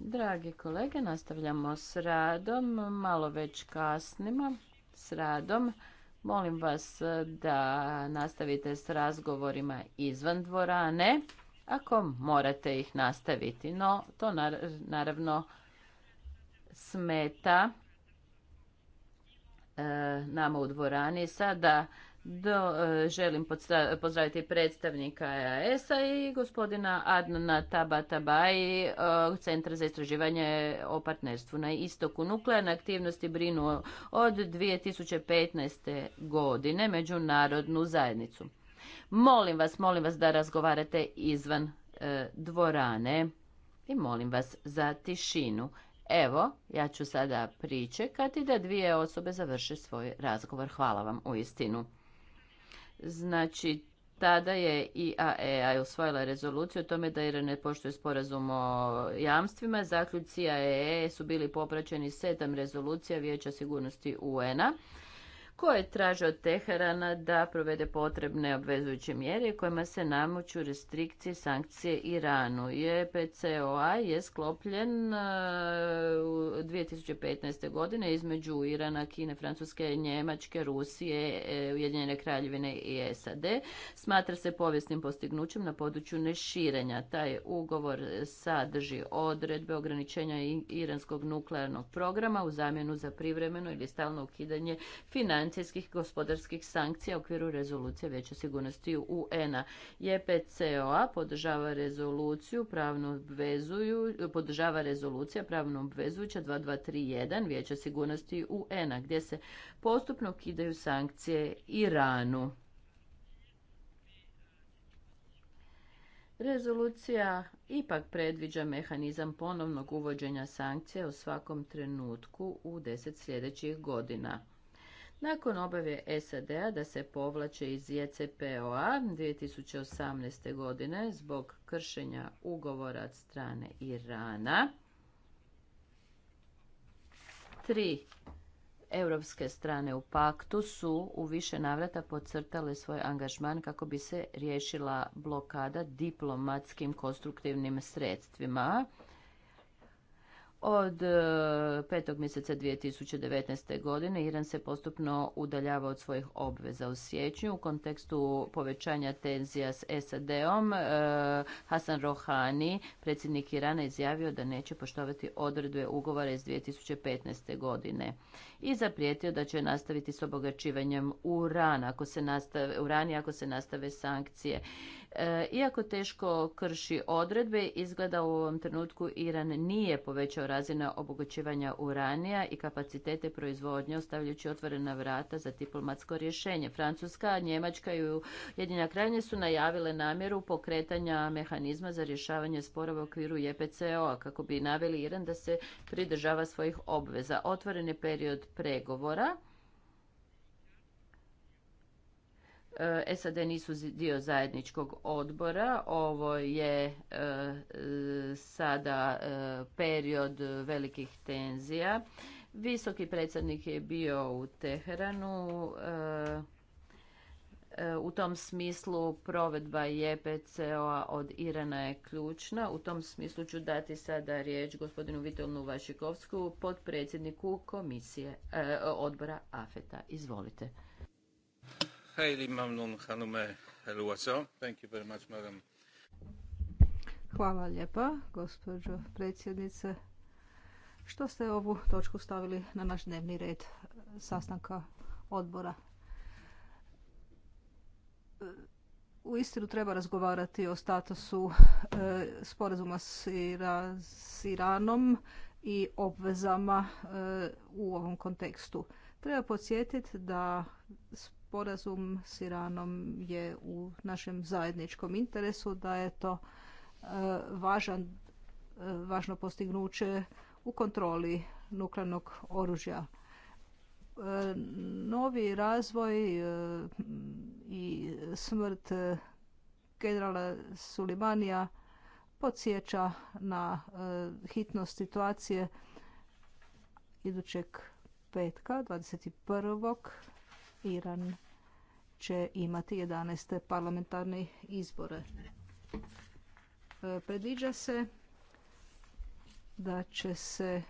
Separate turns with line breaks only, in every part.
Dragi kolege, nastavljamo s radom. Malo već kasnimo s radom. Molim vas da nastavite s razgovorima izvan dvorane, ako morate ih nastaviti. No, to naravno smeta e, nama u dvorani. Sada do, e, želim pozdraviti predstavnika EAS-a i gospodina Adnana Tabatabai, e, Centra za istraživanje o partnerstvu na istoku. Nuklearne aktivnosti brinu od 2015. godine međunarodnu zajednicu. Molim vas, molim vas da razgovarate izvan e, dvorane i molim vas za tišinu. Evo, ja ću sada pričekati da dvije osobe završe svoj razgovor. Hvala vam u istinu. Znači, tada je IAEA e, usvojila rezoluciju o tome da Iran ne poštuje sporazum o jamstvima. Zaključci IAEA e su bili popraćeni sedam rezolucija Vijeća sigurnosti UN-a koje traže od Teherana da provede potrebne obvezujuće mjere kojima se namoću restrikcije sankcije Iranu. JPCOA je sklopljen uh, u 2015. godine između Irana, Kine, Francuske, Njemačke, Rusije, eh, Ujedinjene kraljevine i SAD. Smatra se povijesnim postignućem na području neširenja. Taj ugovor sadrži odredbe ograničenja iranskog nuklearnog programa u zamjenu za privremeno ili stalno ukidanje financije financijskih gospodarskih sankcija u okviru rezolucije Vijeća sigurnosti UN-a. JPCOA podržava rezoluciju pravno obvezuju, podržava rezolucija pravno obvezujuća 2231 Vijeća sigurnosti UN-a gdje se postupno kidaju sankcije Iranu. Rezolucija ipak predviđa mehanizam ponovnog uvođenja sankcija u svakom trenutku u deset sljedećih godina. Nakon obave SAD-a da se povlače iz JCPOA 2018. godine zbog kršenja ugovora od strane Irana, tri europske strane u paktu su u više navrata podcrtale svoj angažman kako bi se riješila blokada diplomatskim konstruktivnim sredstvima od e, petog mjeseca 2019. godine Iran se postupno udaljava od svojih obveza u sjećnju. U kontekstu povećanja tenzija s SAD-om e, Hasan Rohani, predsjednik Irana, izjavio da neće poštovati odredbe ugovora iz 2015. godine i zaprijetio da će nastaviti s obogaćivanjem urana ako se nastave, urani ako se nastave sankcije. E, iako teško krši odredbe, izgleda u ovom trenutku Iran nije povećao razine obogućivanja uranija i kapacitete proizvodnje, ostavljajući otvorena vrata za diplomatsko rješenje. Francuska, Njemačka i Jedinja Krajnje su najavile namjeru pokretanja mehanizma za rješavanje sporova u okviru JPCO-a kako bi naveli Iran da se pridržava svojih obveza. Otvoren je period pregovora E, SAD nisu dio zajedničkog odbora. Ovo je e, sada e, period velikih tenzija. Visoki predsjednik je bio u Teheranu. U tom smislu provedba JPCO-a od Irana je ključna. U tom smislu ću dati sada riječ gospodinu Vitolnu Vašikovsku, potpredsjedniku komisije odbora AFETA. Izvolite.
Hvala lijepa, gospođo predsjednice, što ste ovu točku stavili na naš dnevni red sastanka odbora. U istinu treba razgovarati o statusu e, sporazuma s Iranom i obvezama e, u ovom kontekstu. Treba podsjetiti da sporazum s Iranom je u našem zajedničkom interesu, da je to e, važan, e, važno postignuće u kontroli nuklearnog oružja. E, novi razvoj i smrt generala Sulimanija podsjeća na hitnost situacije idućeg petka, 21. Iran će imati 11. parlamentarne izbore. E, predviđa se da će se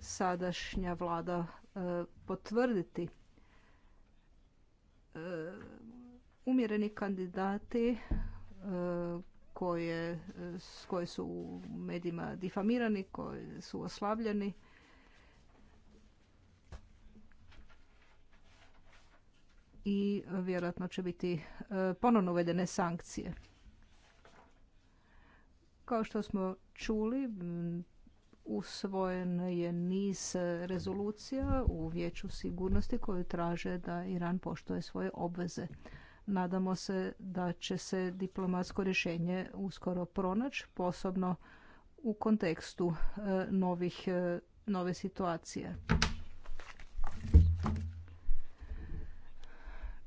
sadašnja vlada e, potvrditi. E, umjereni kandidati koji su u medijima difamirani, koji su oslavljeni, i vjerojatno će biti e, ponovno uvedene sankcije. Kao što smo čuli, usvojen je niz rezolucija u Vijeću sigurnosti koju traže da Iran poštuje svoje obveze. Nadamo se da će se diplomatsko rješenje uskoro pronaći, posebno u kontekstu e, novih, e, nove situacije.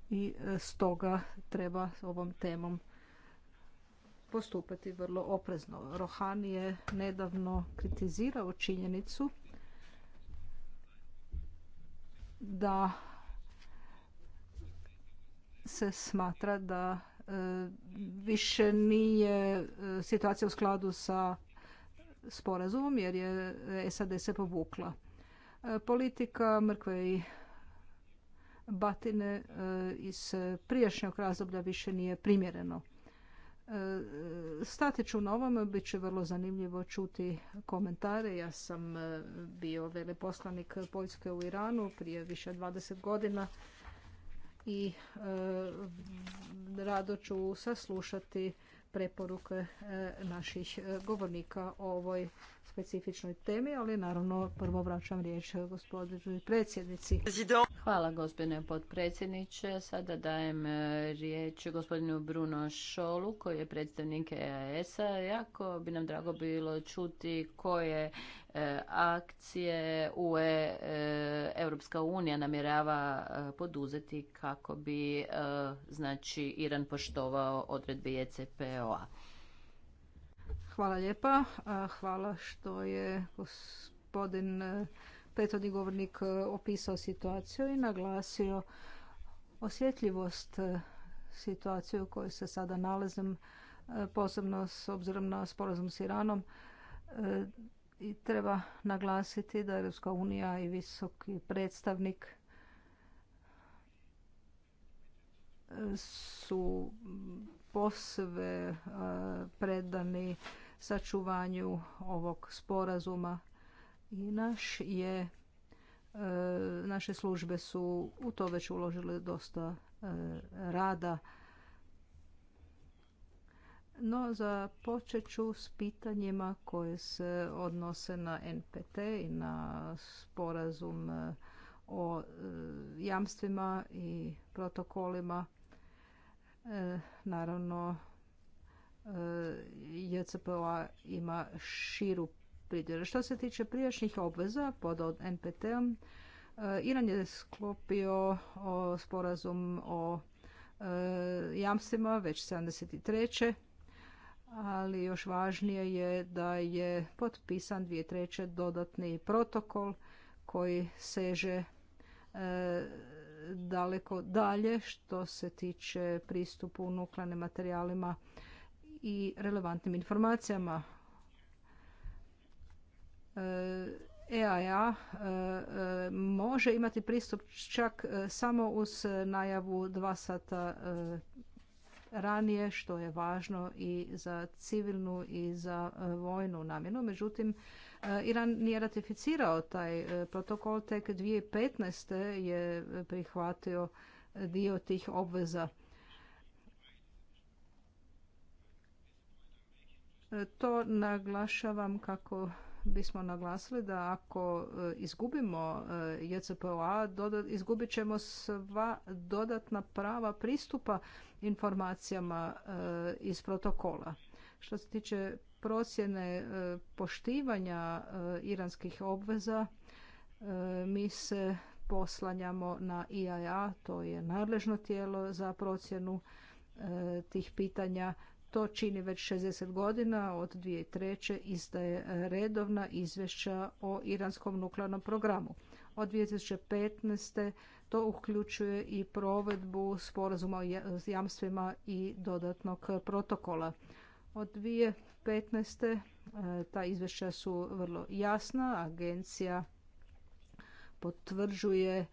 i e, stoga treba ovom temom postupati vrlo oprezno. Rohani je nedavno kritizirao činjenicu da se smatra da e, više nije e, situacija u skladu sa sporazumom jer je SAD se povukla. Politika mrkve i batine e, iz prijašnjeg razdoblja više nije primjereno. E, stati ću na ovom, bit će vrlo zanimljivo čuti komentare. Ja sam e, bio veleposlanik Poljske u Iranu prije više 20 godina i rado ću saslušati preporuke naših govornika o ovoj specifičnoj temi, ali naravno prvo vraćam riječ gospodinu predsjednici. Hvala gospodine potpredsjedniče. Sada dajem
e, riječ gospodinu Bruno Šolu koji je predstavnik EAS-a. Jako bi nam drago bilo čuti koje e, akcije UE e, Europska unija namjerava poduzeti kako bi znači Iran poštovao odredbe JCPOA.
Hvala lijepa. Hvala što je gospodin e, prethodni govornik e, opisao situaciju i naglasio osjetljivost e, situacije u kojoj se sada nalazim, posebno s obzirom na sporazum s Iranom. I treba naglasiti da Europska unija i visoki predstavnik su posve predani sačuvanju ovog sporazuma i naš je e, naše službe su u to već uložile dosta e, rada. No, započet ću s pitanjima koje se odnose na NPT i na sporazum e, o jamstvima i protokolima. Naravno, E, JCPOA ima širu pridjelu. Što se tiče prijašnjih obveza pod NPT-om, e, Iran je sklopio sporazum o e, jamstvima već 73. Ali još važnije je da je potpisan 2003. dodatni protokol koji seže daleko dalje što se tiče pristupu nuklearnim materijalima i relevantnim informacijama. EAA e e, može imati pristup čak e, samo uz najavu dva sata ranije, što je važno i za civilnu i za vojnu namjenu. Međutim, Iran nije ratificirao taj protokol, tek 2015. je prihvatio dio tih obveza E, to naglašavam kako bismo naglasili da ako e, izgubimo e, JCPOA, izgubit ćemo sva dodatna prava pristupa informacijama iz protokola. Što se tiče procjene poštivanja iranskih obveza, mi se poslanjamo na IAA, to je nadležno tijelo za procjenu tih pitanja to čini već 60 godina, od 2003. izdaje redovna izvješća o iranskom nuklearnom programu. Od 2015. to uključuje i provedbu sporazuma o jamstvima i dodatnog protokola. Od 2015. E, ta izvješća su vrlo jasna. Agencija potvrđuje e,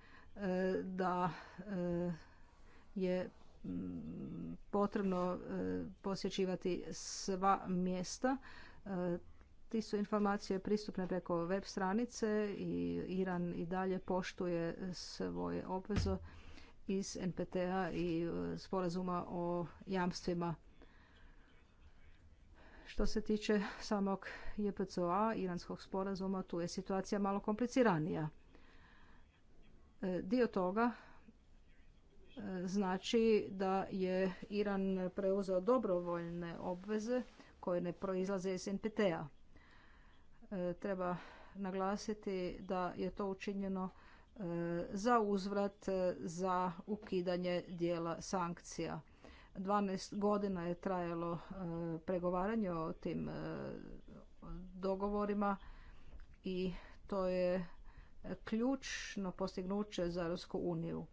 da e, je Mm, potrebno e, posjećivati sva mjesta. E, ti su informacije pristupne preko web stranice i Iran i dalje poštuje svoje obvezo iz NPT-a i e, sporazuma o jamstvima. Što se tiče samog JPCOA, iranskog sporazuma, tu je situacija malo kompliciranija. Dio toga znači da je Iran preuzeo dobrovoljne obveze koje ne proizlaze iz NPT-a. E, treba naglasiti da je to učinjeno e, za uzvrat e, za ukidanje dijela sankcija. 12 godina je trajalo pregovaranje o tim dogovorima i to je ključno postignuće za Rusku uniju.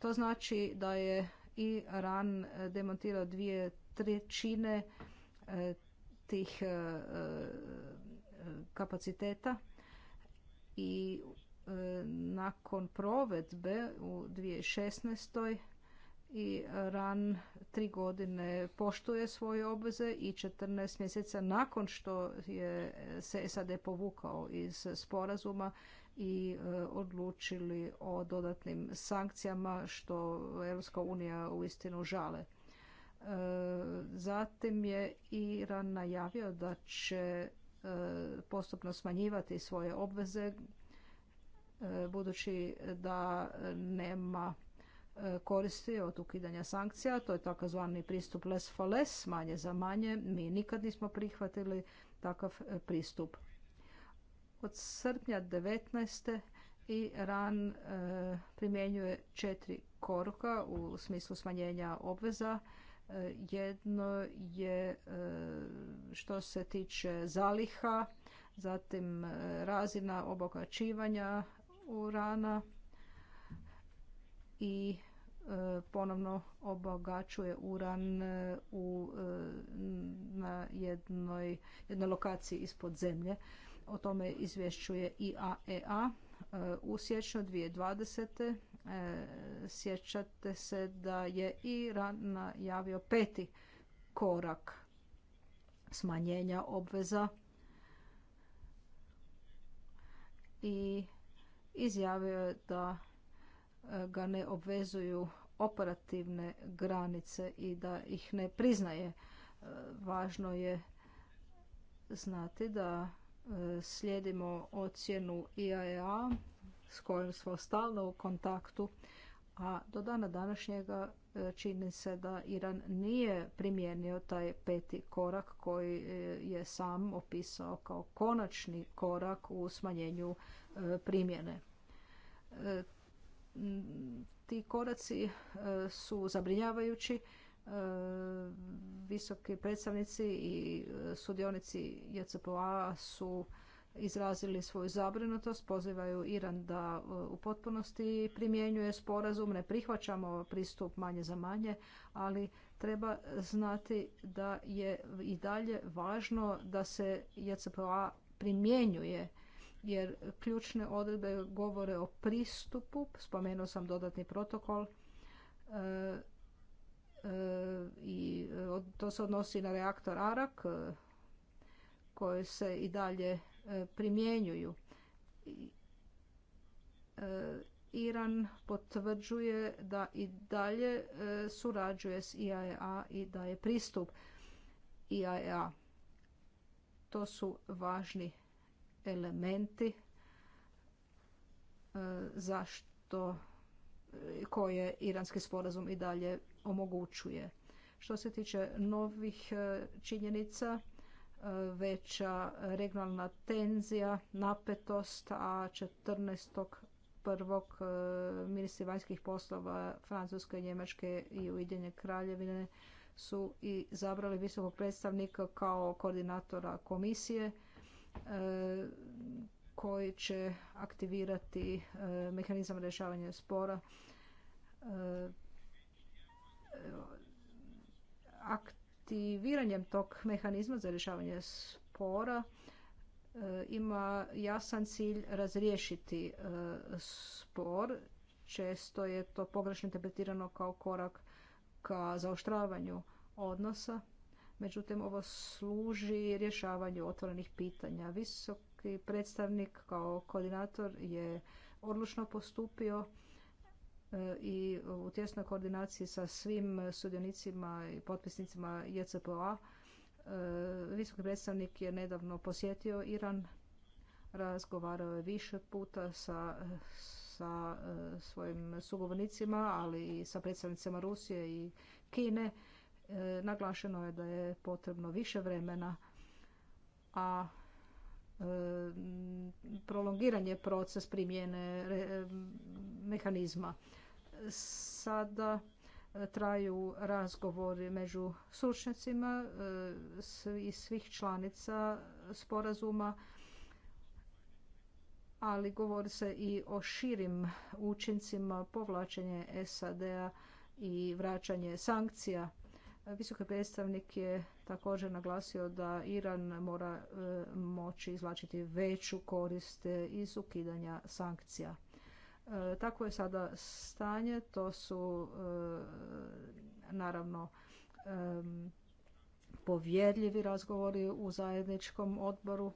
To znači da je Iran demontirao dvije trećine e, tih e, e, kapaciteta i nakon provedbe u 2016. RAN tri godine poštuje svoje obveze i 14 mjeseca nakon što je se SAD povukao iz sporazuma i e, odlučili o dodatnim sankcijama što Europska unija uistinu žale. E, zatim je Iran najavio da će e, postupno smanjivati svoje obveze budući da nema koristi od ukidanja sankcija. To je takozvani pristup less for less, manje za manje. Mi nikad nismo prihvatili takav pristup od srpnja 19. i RAN primjenjuje četiri koruka u smislu smanjenja obveza. E, jedno je e, što se tiče zaliha, zatim e, razina obogaćivanja urana i ponovno obogaćuje uran u, na jednoj, jednoj lokaciji ispod zemlje o tome izvješćuje IAEA e e, u siječnju 2020. E, sjećate se da je Iran najavio peti korak smanjenja obveza i izjavio je da ga ne obvezuju operativne granice i da ih ne priznaje. Važno je znati da slijedimo ocjenu IAEA e s kojom smo stalno u kontaktu, a do dana današnjega e, čini se da Iran nije primijenio taj peti korak koji e, je sam opisao kao konačni korak u smanjenju primjene. Ti koraci su zabrinjavajući E, visoki predstavnici i e, sudionici JCPOA su izrazili svoju zabrinutost, pozivaju Iran da e, u potpunosti primjenjuje sporazum, ne prihvaćamo pristup manje za manje, ali treba znati da je i dalje važno da se JCPOA primjenjuje jer ključne odredbe govore o pristupu, spomenuo sam dodatni protokol, i e, to se odnosi na reaktor Arak e, koje se i dalje e, primjenjuju. Iran potvrđuje da i dalje surađuje s IAEA i da je pristup IAEA. To su važni elementi zašto koje iranski sporazum i dalje omogućuje. Što se tiče novih e, činjenica, e, veća regionalna tenzija, napetost, a 14. E, ministri vanjskih poslova Francuske, Njemačke i Ujedinjene kraljevine su i zabrali visokog predstavnika kao koordinatora komisije koji će aktivirati mehanizam rješavanja spora aktiviranjem tog mehanizma za rješavanje spora e, ima jasan cilj razriješiti e, spor. Često je to pogrešno interpretirano kao korak ka zaoštravanju odnosa. Međutim, ovo služi rješavanju otvorenih pitanja. Visoki predstavnik kao koordinator je odlučno postupio E, i u tjesnoj koordinaciji sa svim sudionicima i potpisnicima JCPOA. E, visoki predstavnik je nedavno posjetio Iran, razgovarao je više puta sa, sa e, svojim sugovornicima, ali i sa predstavnicima Rusije i Kine. Naglašeno je da je potrebno više vremena, a prolongiranje je proces primjene e, mehanizma. Sada e, traju razgovori među sučnicima e, i svih članica sporazuma, ali govori se i o širim učincima povlačenje SAD-a i vraćanje sankcija Visoki predstavnik je također naglasio da Iran mora e, moći izvlačiti veću korist e, iz ukidanja sankcija. E, tako je sada stanje, to su naravno povjerljivi razgovori u zajedničkom odboru.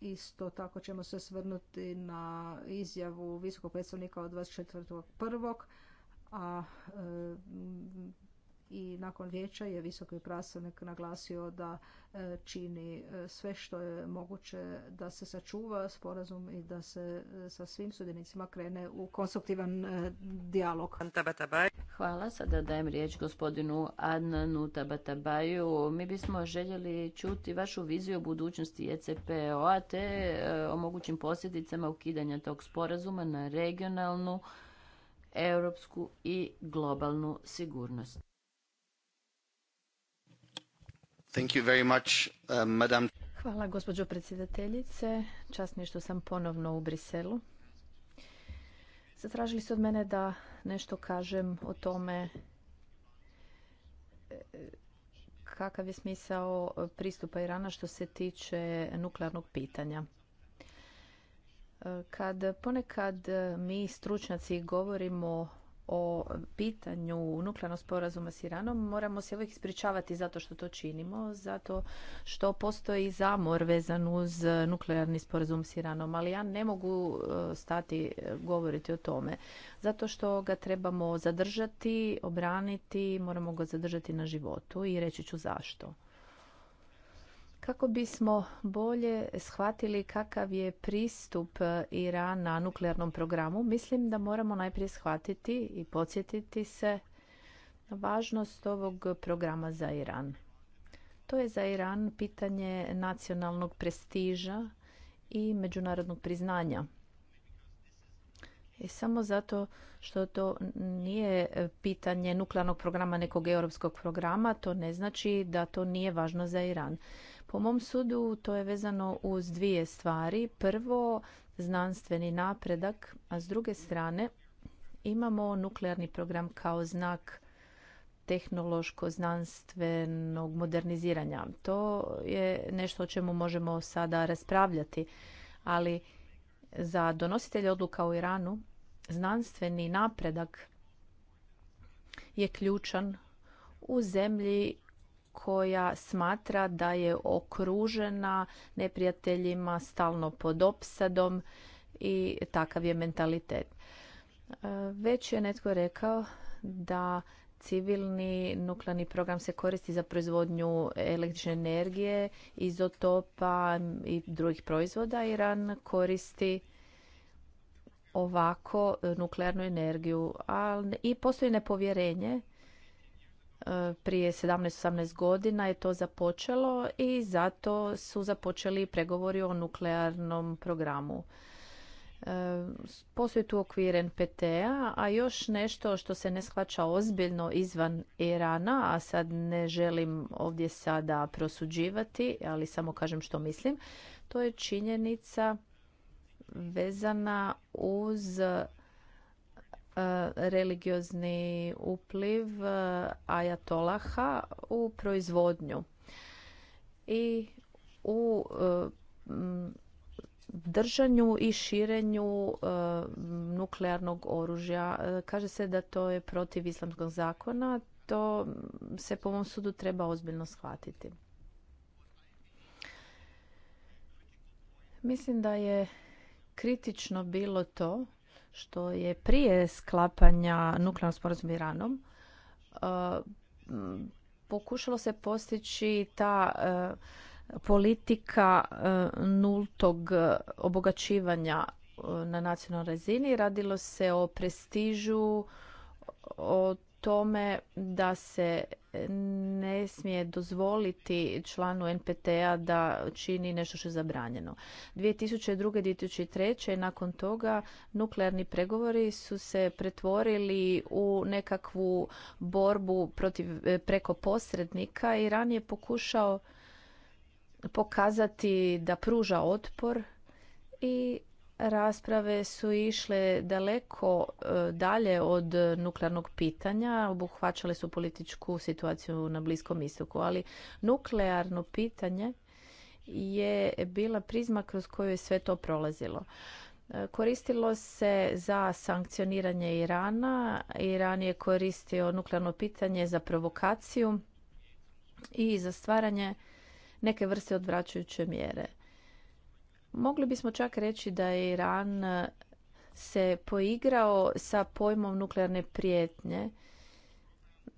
Isto tako ćemo se svrnuti na izjavu visokog predstavnika od 24.1. a i nakon vijeća je visoki predstavnik naglasio da e, čini e, sve što je moguće da se sačuva sporazum i da se e, sa svim sudjenicima krene u konstruktivan dijalog.
Hvala. Sada dajem riječ gospodinu Adnanu Tabatabaju. Mi bismo željeli čuti vašu viziju o budućnosti ECPO-a te o mogućim posljedicama ukidanja tog sporazuma na regionalnu, europsku i globalnu sigurnost.
Uh,
Hvala gospođo predsjedateljice. Čast mi je što sam ponovno u Briselu. Zatražili su od mene da nešto kažem o tome e, kakav je smisao pristupa Irana što se tiče nuklearnog pitanja. E, kad ponekad mi stručnjaci govorimo o pitanju nuklearnog sporazuma s Iranom moramo se uvijek ispričavati zato što to činimo, zato što postoji zamor vezan uz nuklearni sporazum s Iranom, ali ja ne mogu e, stati e, govoriti o tome, zato što ga trebamo zadržati, obraniti, moramo ga zadržati na životu i reći ću zašto kako bismo bolje shvatili kakav je pristup e, Irana nuklearnom programu, mislim da moramo najprije shvatiti i podsjetiti se na važnost ovog programa za Iran. To je za Iran pitanje nacionalnog prestiža i međunarodnog priznanja. I samo zato što to nije pitanje nuklearnog programa nekog europskog programa, to ne znači da to nije važno za Iran. Po mom sudu to je vezano uz dvije stvari. Prvo, znanstveni napredak, a s druge strane imamo nuklearni program kao znak tehnološko-znanstvenog moderniziranja. To je nešto o čemu možemo sada raspravljati, ali za donositelje odluka u Iranu znanstveni napredak je ključan u zemlji koja smatra da je okružena neprijateljima stalno pod opsadom i takav je mentalitet. E, već je netko rekao da civilni nuklearni program se koristi za proizvodnju električne energije, izotopa i drugih proizvoda. Iran koristi ovako nuklearnu energiju. I postoji nepovjerenje E, prije 17-18 godina je to započelo i zato su započeli pregovori o nuklearnom programu. E, postoji tu okvir NPT-a, a još nešto što se ne shvaća ozbiljno izvan Irana, a sad ne želim ovdje sada prosuđivati, ali samo kažem što mislim, to je činjenica vezana uz E, religiozni upliv e, ajatolaha u proizvodnju i u e, držanju i širenju nuklearnog oružja. Kaže se da to je protiv islamskog zakona. To se po mom sudu treba ozbiljno shvatiti. Mislim da je kritično bilo to što je prije sklapanja nuklearnog sporazuma Iranom eh, pokušalo se postići ta eh, politika eh, nultog obogaćivanja na nacionalnoj razini. Radilo se o prestižu, o tome da se ne smije dozvoliti članu NPT-a da čini nešto što je zabranjeno. 2002. 2003. nakon toga nuklearni pregovori su se pretvorili u nekakvu borbu protiv, e, preko posrednika. Iran je pokušao pokazati da pruža otpor i rasprave su išle daleko e, dalje od nuklearnog pitanja, obuhvaćale su političku situaciju na Bliskom istoku, ali nuklearno pitanje je bila prizma kroz koju je sve to prolazilo. E, koristilo se za sankcioniranje Irana. Iran je koristio nuklearno pitanje za provokaciju i za stvaranje neke vrste odvraćajuće mjere. Mogli bismo čak reći da je Iran e, se poigrao sa pojmom nuklearne prijetnje.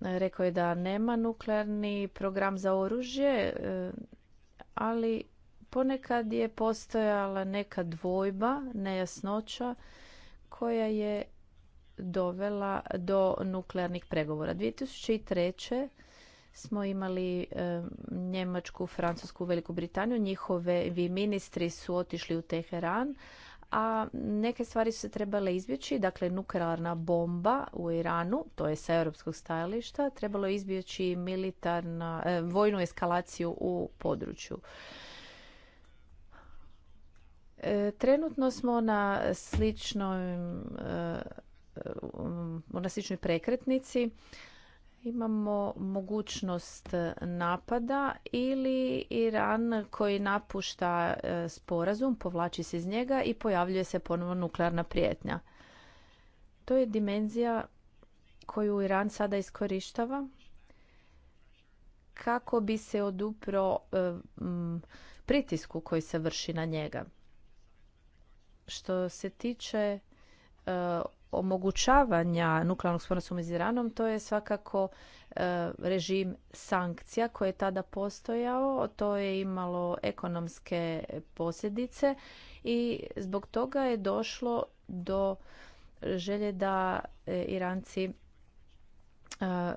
E, rekao je da nema nuklearni program za oružje, e, ali ponekad je postojala neka dvojba, nejasnoća koja je dovela do nuklearnih pregovora. 2003 smo imali Njemačku, Francusku, Veliku Britaniju. Njihovi ministri su otišli u Teheran, a neke stvari su se trebale izbjeći. Dakle, nuklearna bomba u Iranu, to je sa europskog stajališta, trebalo izbjeći militarna, e, vojnu eskalaciju u području. E, trenutno smo na sličnom e, na sličnoj prekretnici imamo mogućnost napada ili Iran koji napušta e, sporazum, povlači se iz njega i pojavljuje se ponovno nuklearna prijetnja. To je dimenzija koju Iran sada iskorištava kako bi se odupro e, pritisku koji se vrši na njega. Što se tiče e, omogućavanja nuklearnog sporazuma s Iranom, to je svakako e, režim sankcija koji je tada postojao. To je imalo ekonomske posljedice i zbog toga je došlo do želje da e, Iranci e,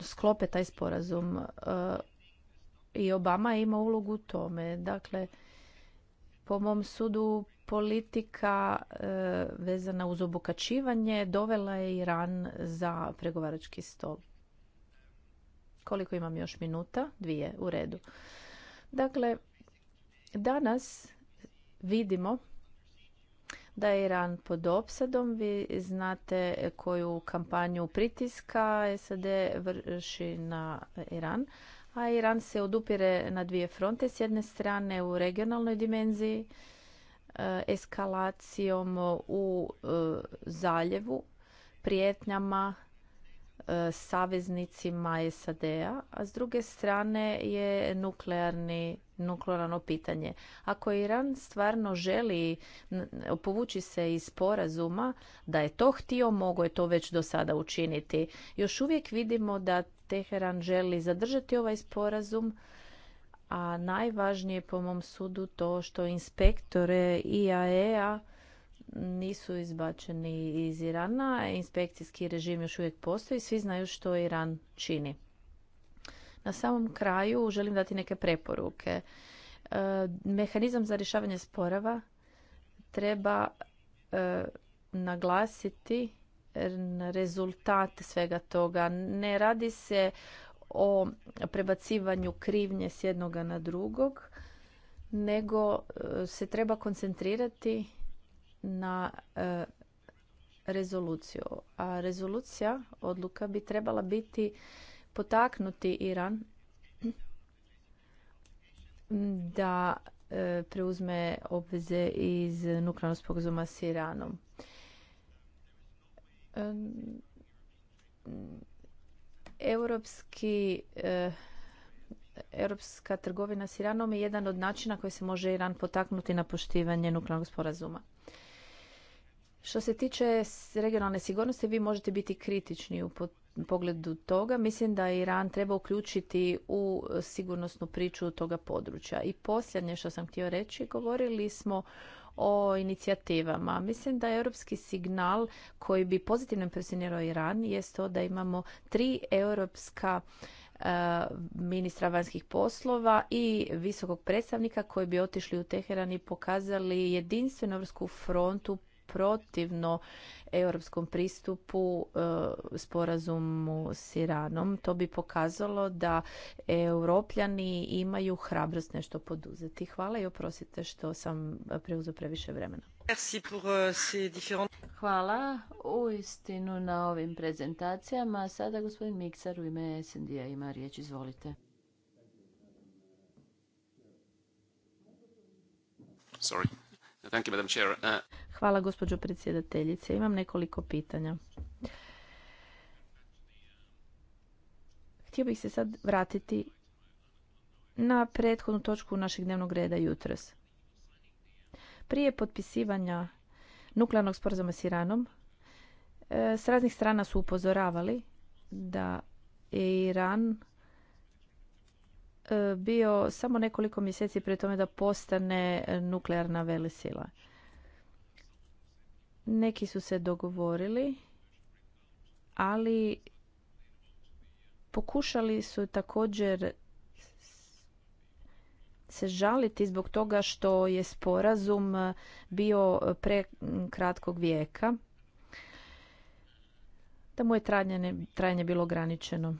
sklope taj sporazum i Obama ima ulogu u tome. Dakle, po mom sudu politika e, vezana uz obukačivanje dovela je Iran za pregovarački stol. Koliko imam još minuta? Dvije, u redu. Dakle, danas vidimo da je Iran pod opsadom. Vi znate koju kampanju pritiska SAD vrši na Iran a Iran se odupire na dvije fronte. S jedne strane u regionalnoj dimenziji, e, eskalacijom u e, zaljevu, prijetnjama E, saveznicima SAD-a, a s druge strane je nuklearni nuklearno pitanje. Ako Iran stvarno želi povući se iz sporazuma, da je to htio, mogo je to već do sada učiniti. Još uvijek vidimo da Teheran želi zadržati ovaj sporazum, a najvažnije po mom sudu to što inspektore IAEA nisu izbačeni iz Irana. Inspekcijski režim još uvijek postoji. Svi znaju što Iran čini. Na samom kraju želim dati neke preporuke. E, mehanizam za rješavanje sporava treba e, naglasiti rezultat svega toga. Ne radi se o prebacivanju krivnje s jednoga na drugog, nego e, se treba koncentrirati na e, rezoluciju. A rezolucija, odluka bi trebala biti potaknuti Iran da e, preuzme obveze iz nuklearnog sporazuma s Iranom. E, europska trgovina s Iranom je jedan od načina koji se može Iran potaknuti na poštivanje nuklearnog sporazuma. Što se tiče regionalne sigurnosti, vi možete biti kritični u pogledu toga. Mislim da Iran treba uključiti u e, sigurnosnu priču toga područja. I posljednje što sam htio reći, govorili smo o inicijativama. Mislim da je europski signal koji bi pozitivno impresionirao Iran je to da imamo tri europska e, ministra vanjskih poslova i visokog predstavnika koji bi otišli u Teheran i pokazali jedinstvenu europsku frontu protivno europskom pristupu e, sporazumu s Iranom. To bi pokazalo da europljani imaju hrabrost nešto poduzeti. Hvala i oprostite što sam preuzeo previše vremena.
E, Hvala u istinu na ovim prezentacijama. Sada gospodin Miksar u ime SND-a ima riječ. Izvolite. Sorry.
Uh,
Hvala gospođo predsjedateljice. Imam nekoliko pitanja. Htio bih se sad vratiti na prethodnu točku našeg dnevnog reda jutros. Prije potpisivanja nuklearnog sporazuma s Iranom, e, s raznih strana su upozoravali da Iran bio samo nekoliko mjeseci prije tome da postane nuklearna velesila. Neki su se dogovorili, ali pokušali su također se žaliti zbog toga što je sporazum bio pre kratkog vijeka, da mu je trajanje bilo ograničeno.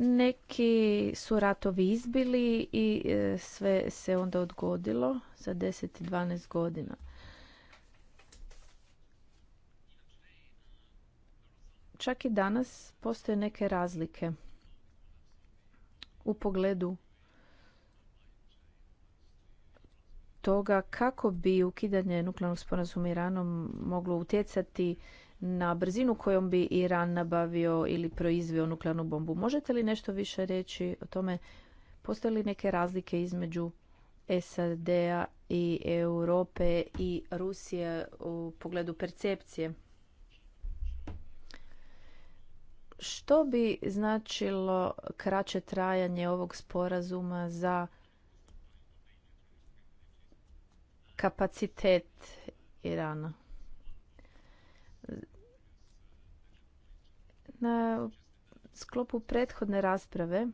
Neki su ratovi izbili i e, sve se onda odgodilo za 10 i 12 godina. Čak i danas postoje neke razlike u pogledu toga kako bi ukidanje nuklearnog sporazuma Iranom moglo utjecati na brzinu kojom bi Iran nabavio ili proizveo nuklearnu bombu. Možete li nešto više reći o tome? Postoje li neke razlike između SAD-a i Europe i Rusije u pogledu percepcije? Što bi značilo kraće trajanje ovog sporazuma za kapacitet Irana? Na sklopu prethodne rasprave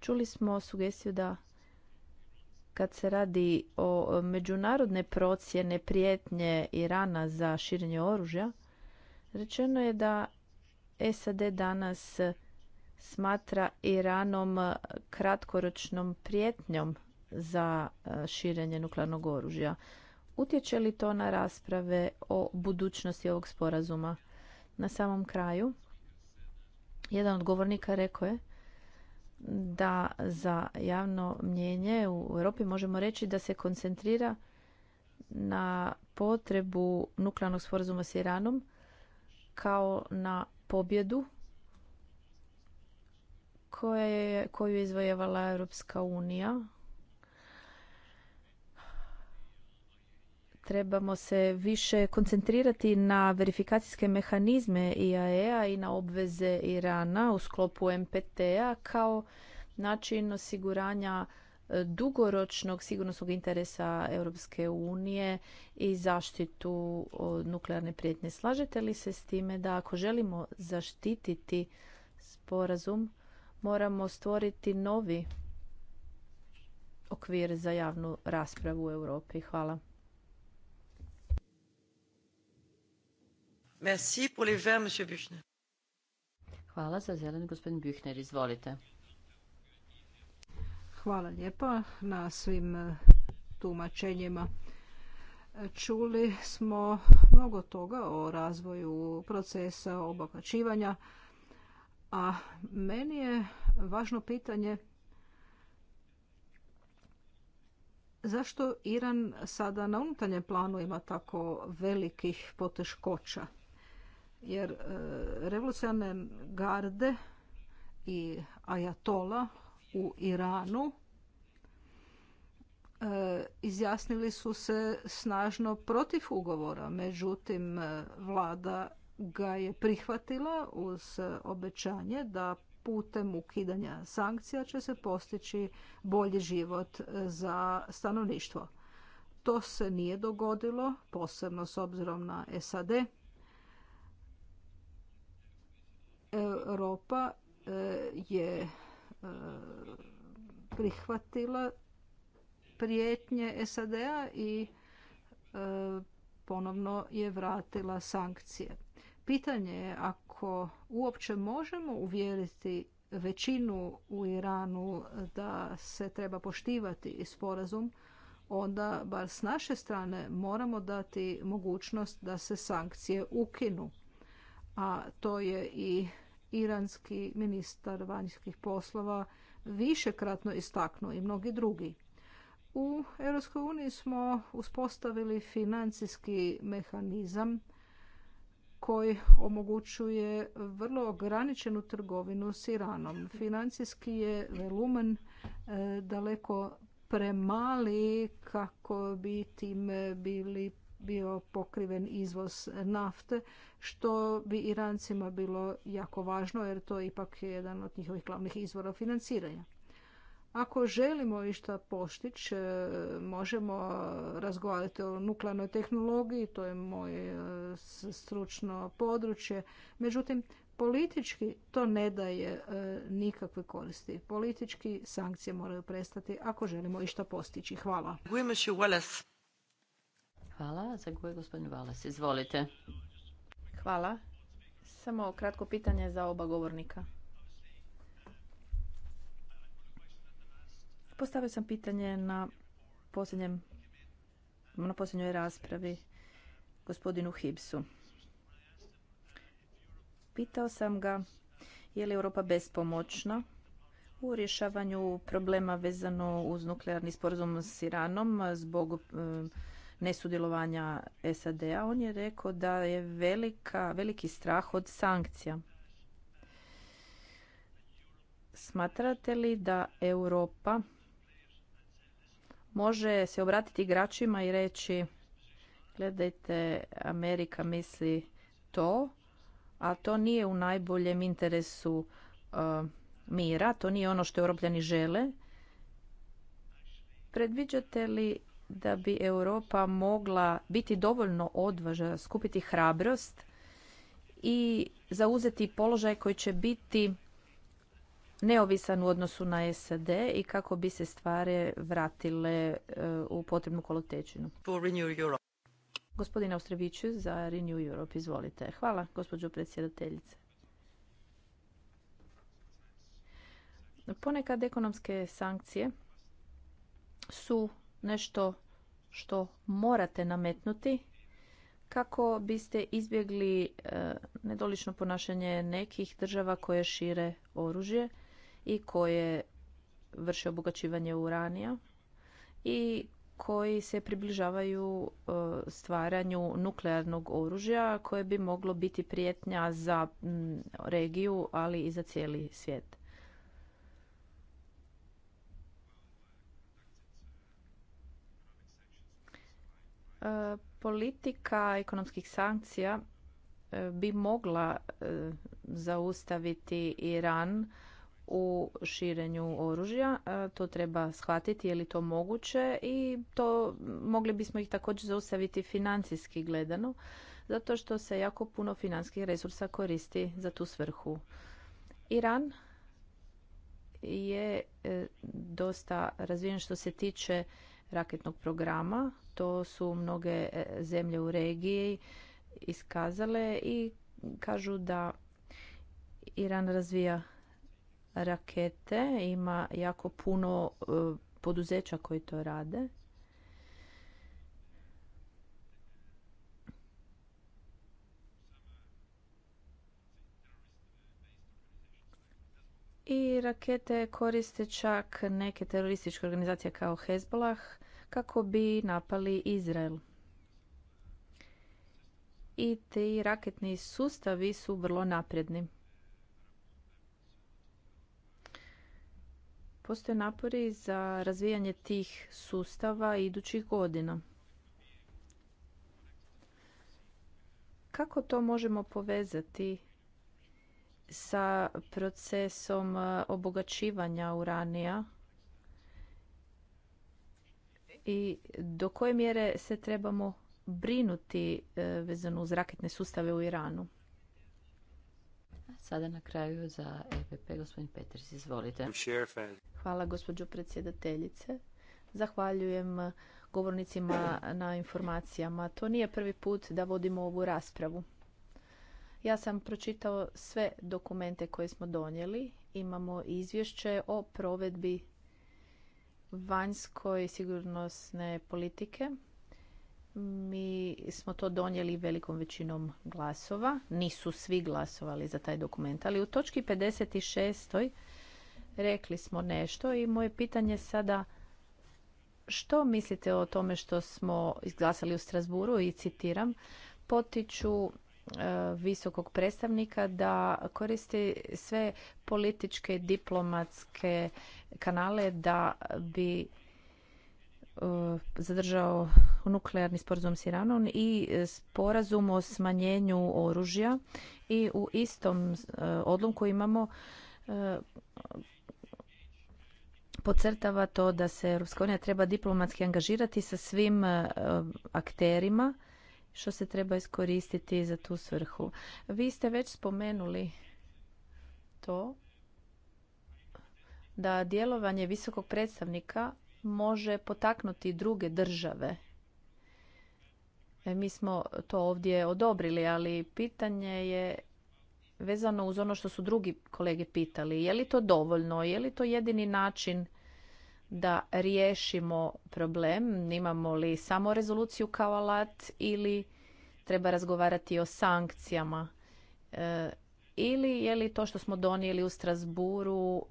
čuli smo sugestiju da kad se radi o međunarodne procjene prijetnje Irana za širenje oružja, rečeno je da SAD danas smatra Iranom kratkoročnom prijetnjom za e, širenje nuklearnog oružja. Utječe li to na rasprave o budućnosti ovog sporazuma? Na samom kraju, jedan od govornika rekao je da za javno mnjenje u Europi možemo reći da se koncentrira na potrebu nuklearnog sporazuma s Iranom kao na pobjedu koju je izvojevala Europska unija Trebamo se više koncentrirati na verifikacijske mehanizme IAEA i na obveze Irana u sklopu MPT-a kao način osiguranja e, dugoročnog sigurnosnog interesa Europske unije i zaštitu nuklearne prijetnje. Slažete li se s time da ako želimo zaštititi sporazum, moramo stvoriti novi okvir za javnu
raspravu u Europi? Hvala. Merci pour les Hvala za zeleni gospodin Büchner,
izvolite. Hvala lijepa na svim eh, tumačenjima. Čuli smo mnogo toga o razvoju procesa obogaćivanja, a meni je važno pitanje zašto Iran sada na unutarnjem planu ima tako velikih poteškoća jer e, revolucionarne garde i ajatola u Iranu e, izjasnili su se snažno protiv ugovora, međutim e, vlada ga je prihvatila uz obećanje da putem ukidanja sankcija će se postići bolji život za stanovništvo. To se nije dogodilo, posebno s obzirom na SAD E, Europa e, je e, prihvatila prijetnje SAD-a i ponovno je vratila sankcije. Pitanje je ako uopće možemo uvjeriti većinu u Iranu da se treba poštivati sporazum, onda bar s naše strane moramo dati mogućnost da se sankcije ukinu. A to je i iranski ministar vanjskih poslova višekratno istaknuo i mnogi drugi. U EU smo uspostavili financijski mehanizam koji omogućuje vrlo ograničenu trgovinu s Iranom. Financijski je volumen e, daleko premali kako bi time bili bio pokriven izvoz nafte, što bi Irancima bilo jako važno jer to je ipak jedan od njihovih glavnih izvora financiranja. Ako želimo išta postići, e, možemo razgovarati o nuklearnoj tehnologiji, to je moje e, stručno područje. Međutim, politički to ne daje e, nikakve koristi. Politički sankcije moraju prestati ako želimo išta postići. Hvala. Hvala. Za koje gospodin izvolite.
Hvala. Samo kratko pitanje za oba govornika. Postavio sam pitanje na posljednjem na posljednjoj raspravi gospodinu Hibsu. Pitao sam ga je li Europa bespomoćna u rješavanju problema vezano uz nuklearni sporazum s Iranom zbog eh, nesudjelovanja SAD-a, on je rekao da je velika, veliki strah od sankcija. Smatrate li da Europa može se obratiti igračima i reći gledajte, Amerika misli to, a to nije u najboljem interesu uh, mira, to nije ono što europljani žele. Predviđate li da bi Europa mogla biti dovoljno odvažna, skupiti hrabrost i zauzeti položaj koji će biti neovisan u odnosu na SAD i kako bi se stvari vratile e, u potrebnu kolotečinu. Gospodin Austreviću za Renew Europe, izvolite. Hvala, gospođo predsjedateljice. Ponekad ekonomske sankcije su nešto što morate nametnuti kako biste izbjegli e, nedolično ponašanje nekih država koje šire oružje i koje vrše obogaćivanje uranija i koji se približavaju e, stvaranju nuklearnog oružja koje bi moglo biti prijetnja za regiju, ali i za cijeli svijet. E, politika ekonomskih sankcija e, bi mogla e, zaustaviti Iran u širenju oružja. To treba shvatiti je li to moguće i to mogli bismo ih također zaustaviti financijski gledano zato što se jako puno financijskih resursa koristi za tu svrhu. Iran je dosta razvijen što se tiče raketnog programa. To su mnoge e, zemlje u regiji iskazale i kažu da Iran razvija rakete, ima jako puno e, poduzeća koji to rade. I rakete koriste čak neke terorističke organizacije kao Hezbollah kako bi napali Izrael. I ti raketni sustavi su vrlo napredni. Postoje napori za razvijanje tih sustava idućih godina. Kako to možemo povezati sa procesom e, obogaćivanja uranija i do koje mjere se trebamo brinuti e, vezano uz raketne sustave u Iranu. Sada na kraju za EPP, gospodin Peters, izvolite. Hvala gospođo predsjedateljice. Zahvaljujem govornicima na informacijama. To nije prvi put da vodimo ovu raspravu. Ja sam pročitao sve dokumente koje smo donijeli. Imamo izvješće o provedbi vanjskoj sigurnosne politike. Mi smo to donijeli velikom većinom glasova. Nisu svi glasovali za taj dokument, ali u točki 56. rekli smo nešto i moje pitanje sada što mislite o tome što smo izglasali u Strasburu i citiram potiču E, visokog predstavnika da koristi sve političke diplomatske kanale da bi e, zadržao nuklearni sporazum s Iranom i sporazum o smanjenju oružja i u istom e, odlomku imamo podcrtava to da se Europska treba diplomatski angažirati sa svim akterima što se treba iskoristiti za tu svrhu. Vi ste već spomenuli to da djelovanje visokog predstavnika može potaknuti druge države. E, mi smo to ovdje odobrili, ali pitanje je vezano uz ono što su drugi kolege pitali. Je li to dovoljno? Je li to jedini način da riješimo problem? Imamo li samo rezoluciju kao alat ili treba razgovarati o sankcijama? E, ili je li to što smo donijeli u Strasburu e,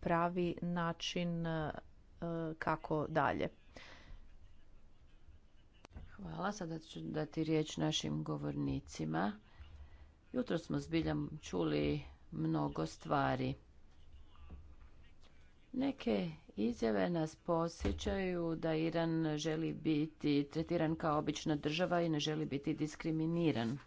pravi način e, kako dalje? Hvala. Sada ću dati riječ našim govornicima. Jutro smo zbiljam čuli mnogo stvari. Neke izjave nas posjećaju da Iran želi biti tretiran kao obična država i ne želi biti diskriminiran.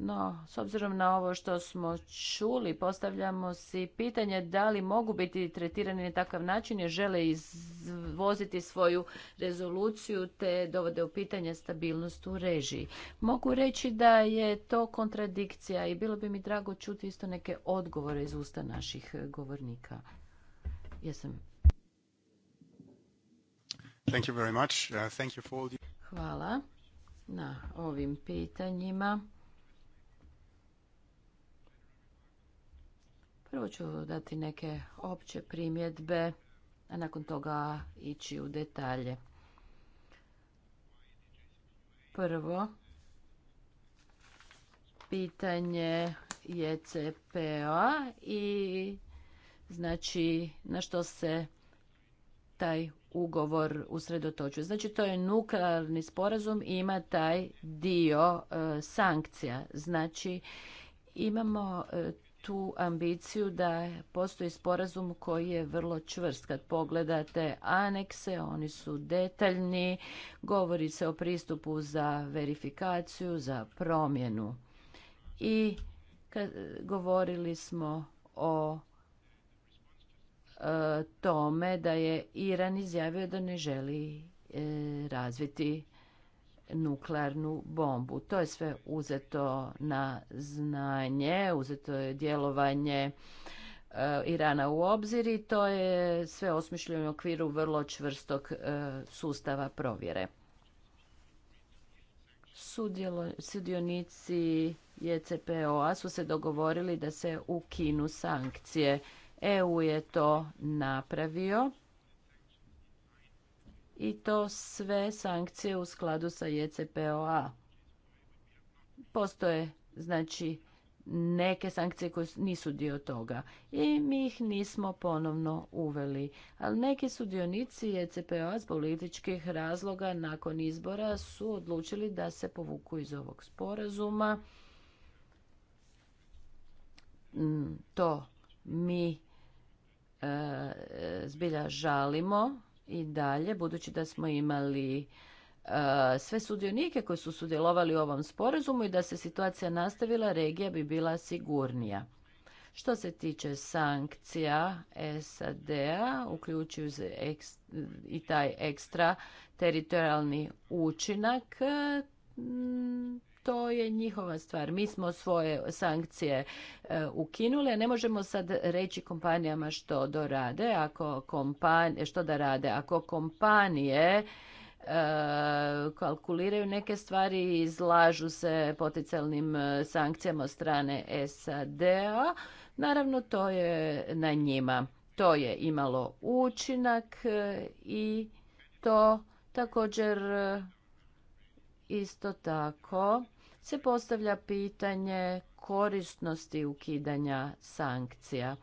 No, s obzirom na ovo što smo čuli, postavljamo si pitanje da li mogu biti tretirani na takav način jer žele izvoziti svoju rezoluciju te dovode u pitanje stabilnost u režiji. Mogu reći da je to kontradikcija i bilo bi mi drago čuti isto neke odgovore iz usta naših govornika. Jesam. Thank you very much. Uh, thank you for all Hvala na ovim pitanjima. Prvo ću dati neke opće primjedbe, a nakon toga ići u detalje. Prvo, pitanje je a i znači na što se taj ugovor usredotočuje. Znači to je nuklearni sporazum i ima taj dio e, sankcija. Znači imamo e, tu ambiciju da postoji sporazum koji je vrlo čvrst. Kad pogledate anekse, oni su detaljni, govori se o pristupu za verifikaciju, za promjenu. I govorili smo o e, tome da je Iran izjavio da ne želi e, razviti nuklearnu bombu. To je sve uzeto na znanje, uzeto je djelovanje e, Irana u obzir i to je sve osmišljeno u okviru vrlo čvrstog e, sustava provjere. sudionici JCPOA su se dogovorili da se ukinu sankcije. EU je to napravio i to sve sankcije u skladu sa JCPOA. E Postoje znači neke sankcije koje nisu dio toga i mi ih nismo ponovno uveli. Ali neki sudionici JCPOA e a s političkih razloga nakon izbora su odlučili da se povuku iz ovog sporazuma. Mm, to mi e, zbilja žalimo i dalje, budući da smo imali e, sve sudionike koji su sudjelovali u ovom sporazumu i da se situacija nastavila, regija bi bila sigurnija. Što se tiče sankcija SAD-a, uključuju i taj ekstra teritorijalni učinak, e, to je njihova stvar. Mi smo svoje sankcije e, ukinuli, ukinule, ne možemo sad reći kompanijama što da rade, ako kompanije, što da rade, ako kompanije e, kalkuliraju neke stvari i izlažu se potencijalnim e, sankcijama od strane SAD-a, naravno to je na njima. To je imalo učinak i to također Isto tako se postavlja pitanje korisnosti ukidanja sankcija.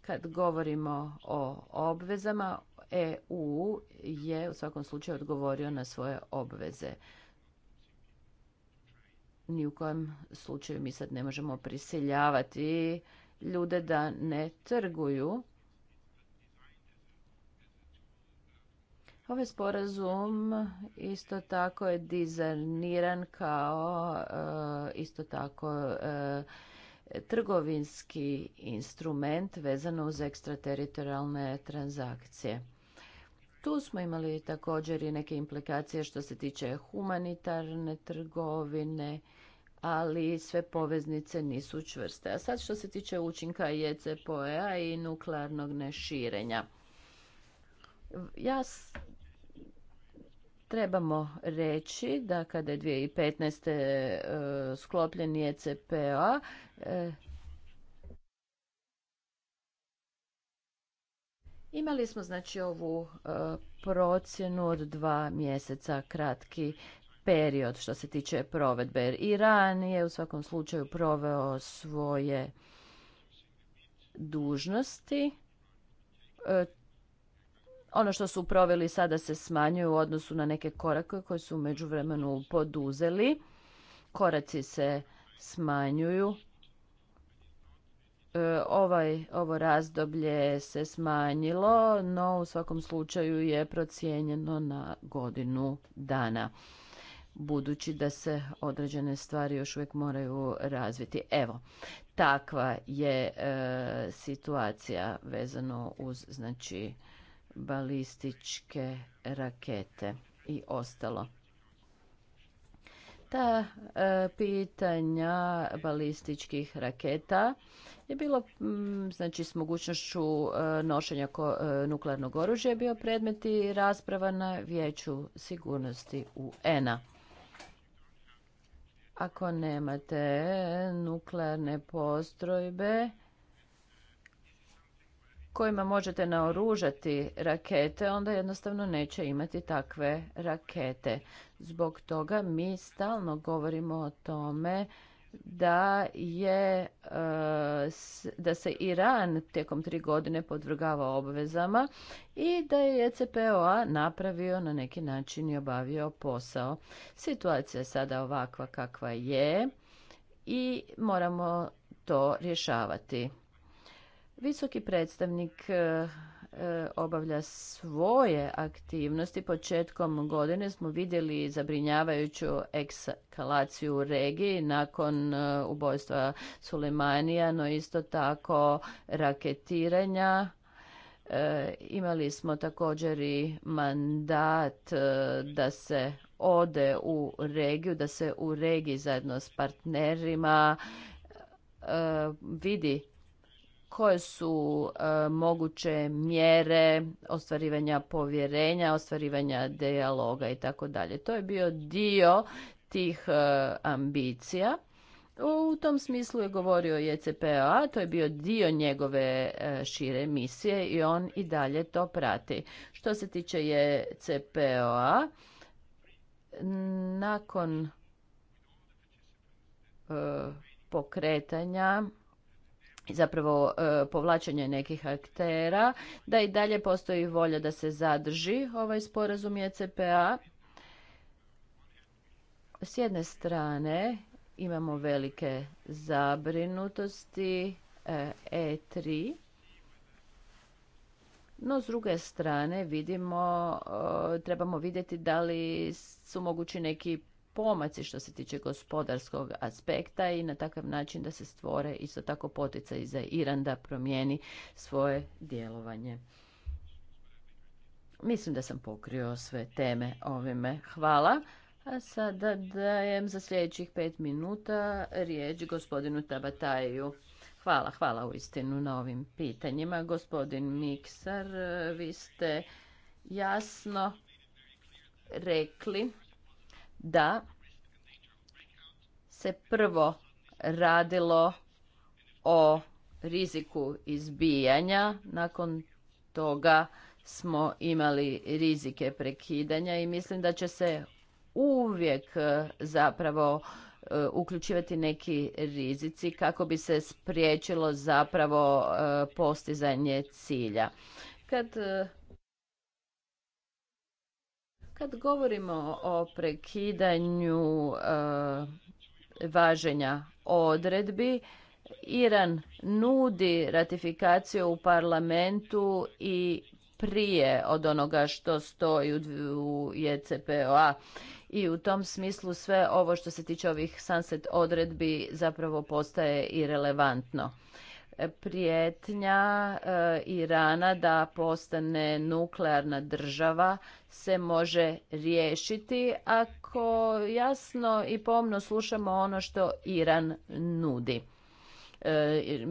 Kad govorimo o obvezama, EU je u svakom slučaju odgovorio na svoje obveze. Ni u kojem slučaju mi sad ne možemo prisiljavati ljude da ne trguju Ovaj sporazum isto tako je dizajniran kao e, isto tako e, trgovinski instrument vezano uz ekstrateritorijalne transakcije. Tu smo imali također i neke implikacije što se tiče humanitarne trgovine, ali sve poveznice nisu čvrste. A sad što se tiče učinka e CPOE-a i nuklearnog neširenja. Ja Trebamo reći da kada je 2015. E, sklopljen je CPA, e, Imali smo znači ovu e, procjenu od dva mjeseca, kratki period što se tiče provedbe. Jer Iran je u svakom slučaju proveo svoje dužnosti ono što su proveli sada se smanjuju u odnosu na neke korake koje su u međuvremenu poduzeli. Koraci se smanjuju. E, ovaj, ovo razdoblje se smanjilo, no u svakom slučaju je procijenjeno na godinu dana budući da se određene stvari još uvijek moraju razviti. Evo, takva je e, situacija vezano uz znači balističke rakete i ostalo. Ta e, pitanja balističkih raketa je bilo, mm, znači s mogućnošću e, nošenja e, nuklearnog oružja je bio predmet i rasprava na vijeću sigurnosti u a Ako nemate nuklearne postrojbe, kojima možete naoružati rakete, onda jednostavno neće imati takve rakete. Zbog toga mi stalno govorimo o tome da je e, da se Iran tijekom tri godine podvrgava obvezama i da je ECPOA napravio na neki način i obavio posao. Situacija je sada ovakva kakva je i moramo to rješavati. Visoki predstavnik e, e, obavlja svoje aktivnosti. Početkom godine smo vidjeli zabrinjavajuću ekskalaciju u regiji nakon e, ubojstva Sulemanija, no isto tako raketiranja. Imali smo također i mandat da se ode u regiju, da se u regiji zajedno s partnerima vidi koje su e, moguće mjere ostvarivanja povjerenja, ostvarivanja dijaloga i tako dalje. To je bio dio tih e, ambicija. U tom smislu je govorio i e ECPA, to je bio dio njegove šire misije i on i dalje to prati. Što se tiče je CPOA, nakon pokretanja zapravo e, povlačenje nekih aktera, da i dalje postoji volja da se zadrži ovaj sporazum ECPA. S jedne strane imamo velike zabrinutosti e, 3 e no s druge strane vidimo, e, trebamo vidjeti da li su mogući neki pomaci što se tiče gospodarskog aspekta i na takav način da se stvore isto tako poticaj za Iran da promijeni svoje djelovanje. Mislim da sam pokrio sve teme ovime. Hvala. A sada dajem za sljedećih pet minuta riječ gospodinu Tabataju. Hvala, hvala u istinu na ovim pitanjima. Gospodin Miksar, vi ste jasno rekli da se prvo radilo o riziku izbijanja, nakon toga smo imali rizike prekidanja i mislim da će se uvijek e, zapravo e, uključivati neki rizici kako bi se spriječilo zapravo e, postizanje cilja. Kad kad govorimo o prekidanju eh, važenja odredbi, Iran nudi ratifikaciju u parlamentu i prije od onoga što stoji u JCPOA. I u tom smislu sve ovo što se tiče ovih sunset odredbi zapravo postaje irelevantno prijetnja e, Irana da postane nuklearna država se može riješiti ako jasno i pomno slušamo ono što Iran nudi. E,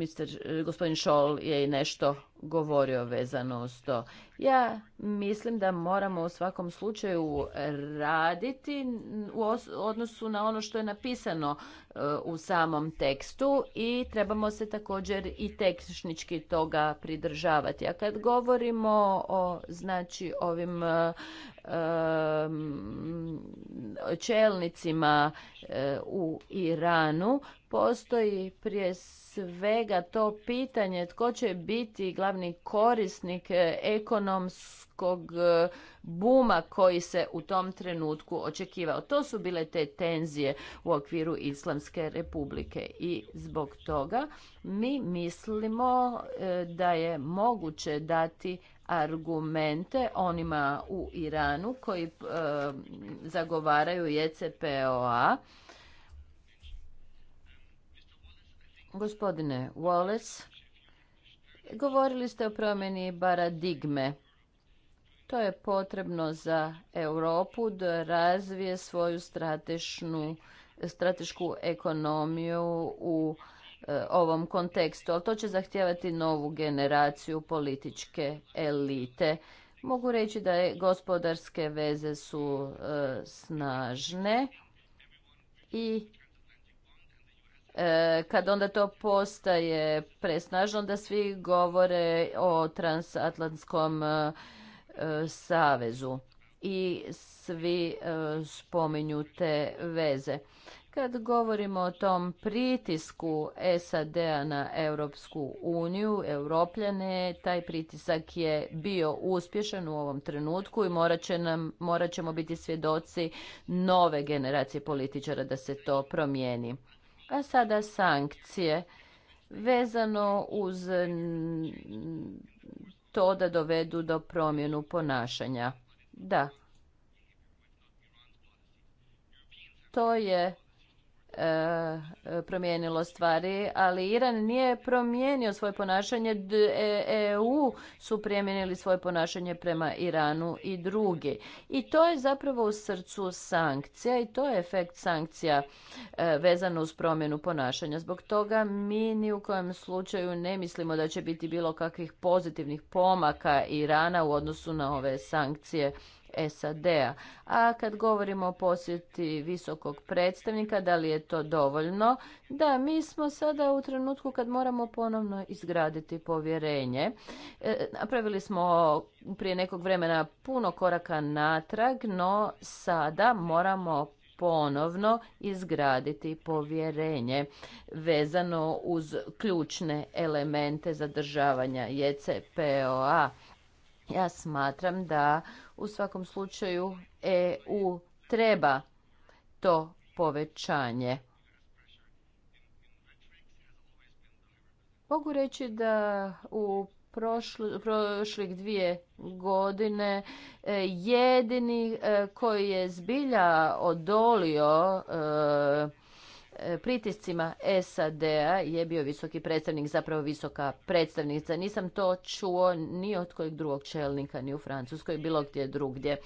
gospodin Šol je i nešto govorio vezano uz to. Ja mislim da moramo u svakom slučaju raditi u odnosu na ono što je napisano e, u samom tekstu i trebamo se također i tehnički toga pridržavati. A kad govorimo o znači ovim e, e, čelnicima u Iranu postoji prije svega to pitanje tko će biti glavni korisnik e, ekonomskog e, buma koji se u tom trenutku očekivao. To su bile te tenzije u okviru Islamske republike i zbog toga mi mislimo e, da je moguće dati argumente onima u Iranu koji zagovaraju JCPOA Gospodine Wallace, govorili ste o promjeni paradigme. To je potrebno za Europu da razvije svoju stratešku ekonomiju u e, ovom kontekstu, ali to će zahtijevati novu generaciju političke elite. Mogu reći da je gospodarske veze su e, snažne i E, kad onda to postaje presnažno da svi govore o transatlantskom e, savezu i svi e, spominju te veze. Kad govorimo o tom pritisku SAD-a na Europsku uniju, Europljane, taj pritisak je bio uspješan u ovom trenutku i morat, nam, morat ćemo biti svjedoci nove generacije političara da se to promijeni. A sada sankcije vezano uz to da dovedu do promjenu ponašanja. Da. To je E, promijenilo stvari, ali Iran nije promijenio svoje ponašanje, EU e su promijenili svoje ponašanje prema Iranu i drugi. I to je zapravo u srcu sankcija i to je efekt sankcija e, vezano uz promjenu ponašanja. Zbog toga mi ni u kojem slučaju ne mislimo da će biti bilo kakvih pozitivnih pomaka Irana u odnosu na ove sankcije SAD-a. A kad govorimo o posjeti visokog predstavnika, da li je to dovoljno? Da, mi smo sada u trenutku kad moramo ponovno izgraditi povjerenje. E, napravili smo prije nekog vremena puno koraka natrag, no sada moramo ponovno izgraditi povjerenje vezano uz ključne elemente zadržavanja JCPOA. Ja smatram da u svakom slučaju EU treba to povećanje. Mogu reći da u prošlih dvije godine e, jedini e, koji je zbilja odolio e, E, pritiscima SAD-a je bio visoki predstavnik, zapravo visoka predstavnica. Nisam to čuo ni od kojeg drugog čelnika, ni u Francuskoj, bilo gdje drugdje.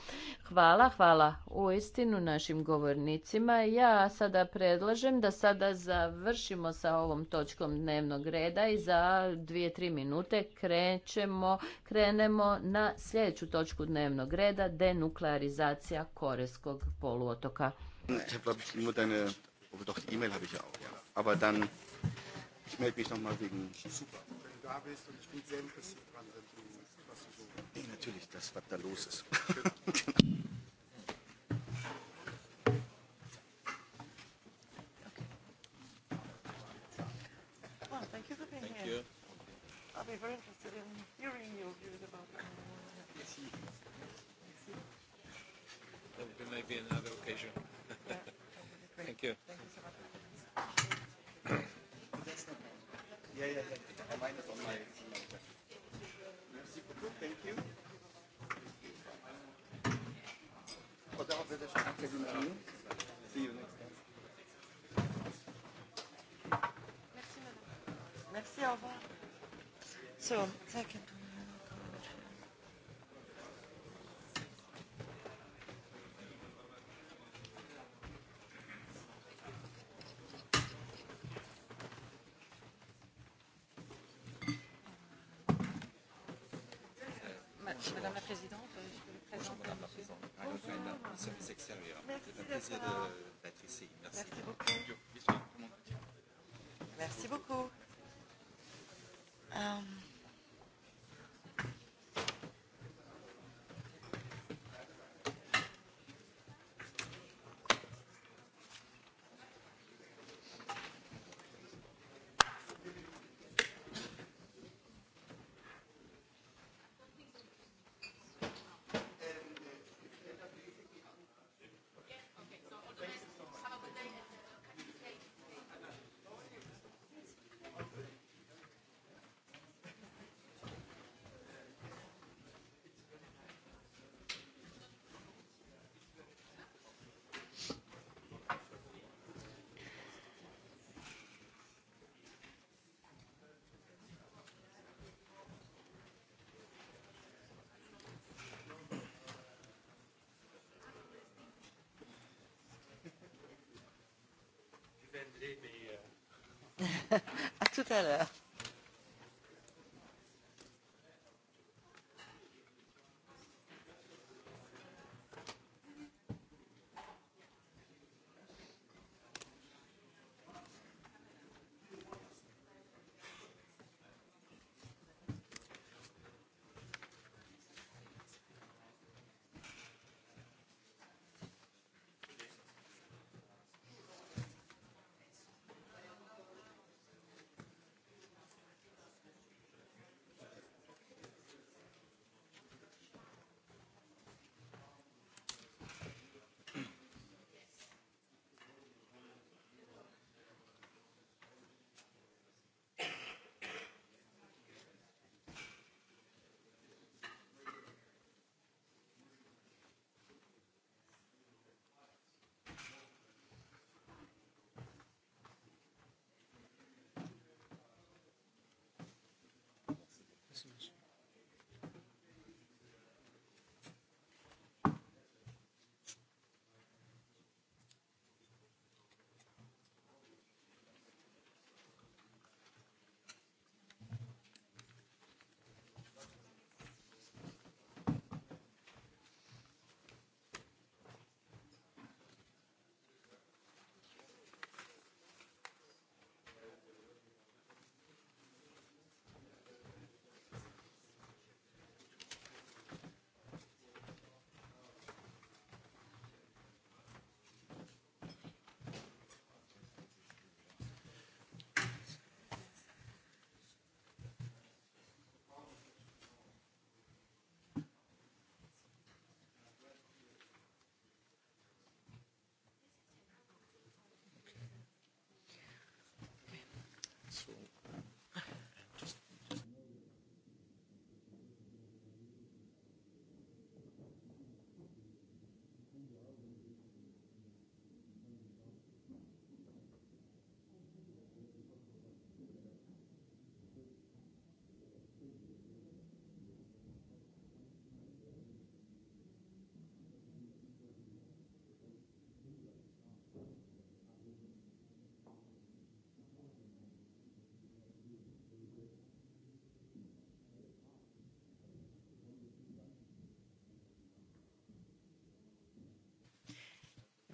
Hvala, hvala u istinu našim govornicima. Ja sada predlažem da sada završimo sa ovom točkom dnevnog reda i za dvije, tri minute krećemo, krenemo na sljedeću točku dnevnog reda, denuklearizacija Korejskog poluotoka.
Oh, doch, die E-Mail habe ich ja auch. Ja. Aber dann, ich melde mich nochmal wegen... Super, wenn du da bist und ich bin sehr interessiert dran, was du so... Nee, natürlich, das, was da los ist. genau. I'll be very interested in hearing about maybe another occasion. Thank you. Thank you so much. yeah, Thank you. See you next Merci, madame. Merci, revoir. So, Uh,
à tout à l'heure. much.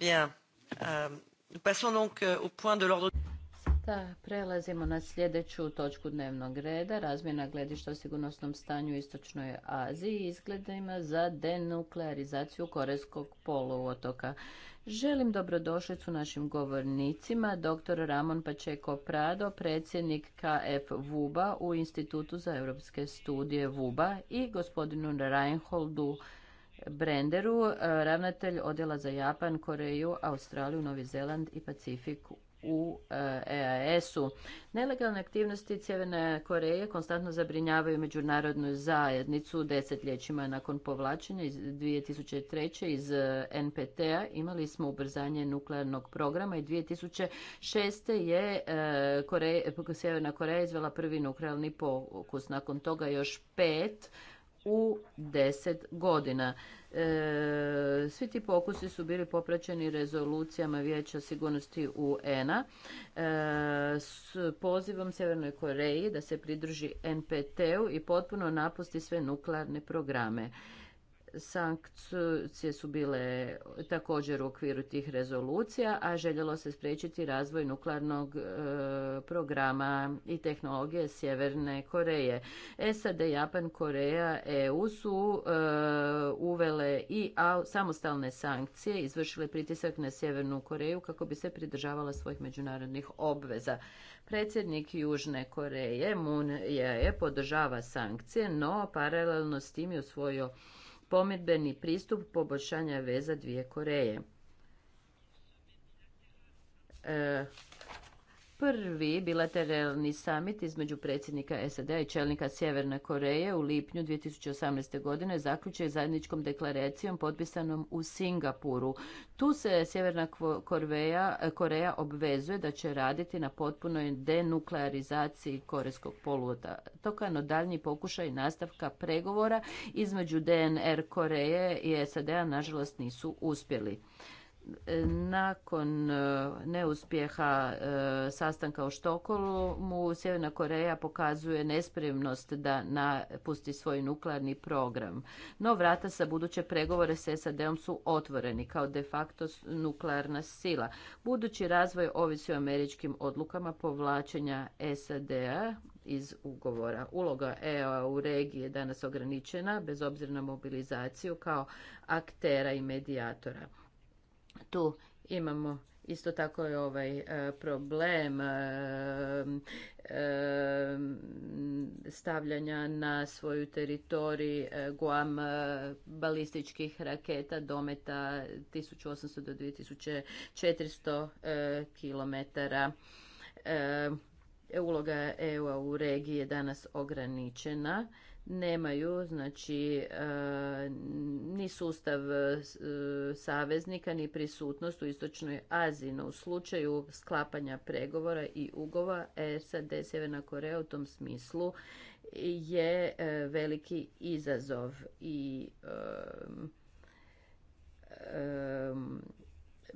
Euh, euh, prelazimo na sljedeću točku dnevnog reda, razmjena gledišta o sigurnosnom stanju u Istočnoj Aziji i izgledima za denuklearizaciju Korejskog poluotoka. Želim dobrodošlicu našim govornicima, dr. Ramon Pačeko Prado, predsjednik KF VUBA u Institutu za europske studije VUBA i gospodinu Reinholdu Brenderu, e, ravnatelj odjela za Japan, Koreju, Australiju, Novi Zeland i Pacifik u EAS-u. E Nelegalne aktivnosti Sjeverne Koreje konstantno zabrinjavaju međunarodnu zajednicu desetljećima nakon povlačenja iz 2003. iz e, NPT-a. Imali smo ubrzanje nuklearnog programa i 2006. je Sjeverna Koreja izvela prvi nuklearni pokus. Nakon toga još pet u deset godina. E, svi ti pokusi su bili popraćeni rezolucijama Vijeća sigurnosti UN-a e, s pozivom Sjevernoj Koreji da se pridruži NPT-u i potpuno napusti sve nuklearne programe. Sankcije su bile također u okviru tih rezolucija, a željelo se spriječiti razvoj nuklearnog e, programa i tehnologije Sjeverne Koreje. SAD, Japan, Koreja, EU su e, uvele i samostalne sankcije, izvršile pritisak na Sjevernu Koreju kako bi se pridržavala svojih međunarodnih obveza. Predsjednik Južne Koreje, Moon Jae, podržava sankcije, no paralelno s tim je usvojio pomirbeni pristup poboljšanja veza dvije Koreje. E, prvi bilateralni samit između predsjednika sad i čelnika Sjeverne Koreje u lipnju 2018. godine zaključio zajedničkom deklaracijom potpisanom u Singapuru. Tu se Sjeverna Koreja, obvezuje da će raditi na potpunoj denuklearizaciji Korejskog toka no daljnji pokušaj nastavka pregovora između DNR Koreje i SAD-a nažalost nisu uspjeli nakon eh, neuspjeha eh, sastanka u mu Sjeverna Koreja pokazuje nespremnost da napusti svoj nuklearni program. No vrata sa buduće pregovore s SAD-om su otvoreni kao de facto nuklearna sila. Budući razvoj ovisi o američkim odlukama povlačenja SAD-a iz ugovora. Uloga EA u regiji je danas ograničena, bez obzira na mobilizaciju kao aktera i medijatora. Tu imamo isto tako je ovaj e, problem e, e, stavljanja na svoju teritorij Guam balističkih raketa dometa 1800 do 2400 km. Uloga EU u regiji je danas ograničena nemaju znači e, ni sustav e, saveznika ni prisutnost u istočnoj Aziji no u slučaju sklapanja pregovora i ugova SAD Sjeverna Koreja u tom smislu je e, veliki izazov i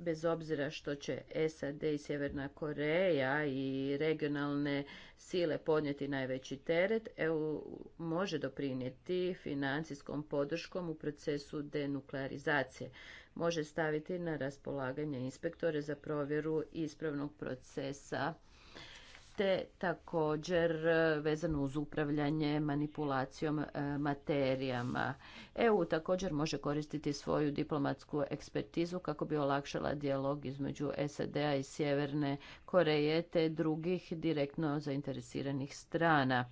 bez obzira što će SAD i Sjeverna Koreja i regionalne sile podnijeti najveći teret, EU može doprinijeti financijskom podrškom u procesu denuklearizacije. Može staviti na raspolaganje inspektore za provjeru ispravnog procesa te također e, vezano uz upravljanje manipulacijom e, materijama. EU također može koristiti svoju diplomatsku ekspertizu kako bi olakšala dijalog između SAD-a i Sjeverne Koreje te drugih direktno zainteresiranih strana.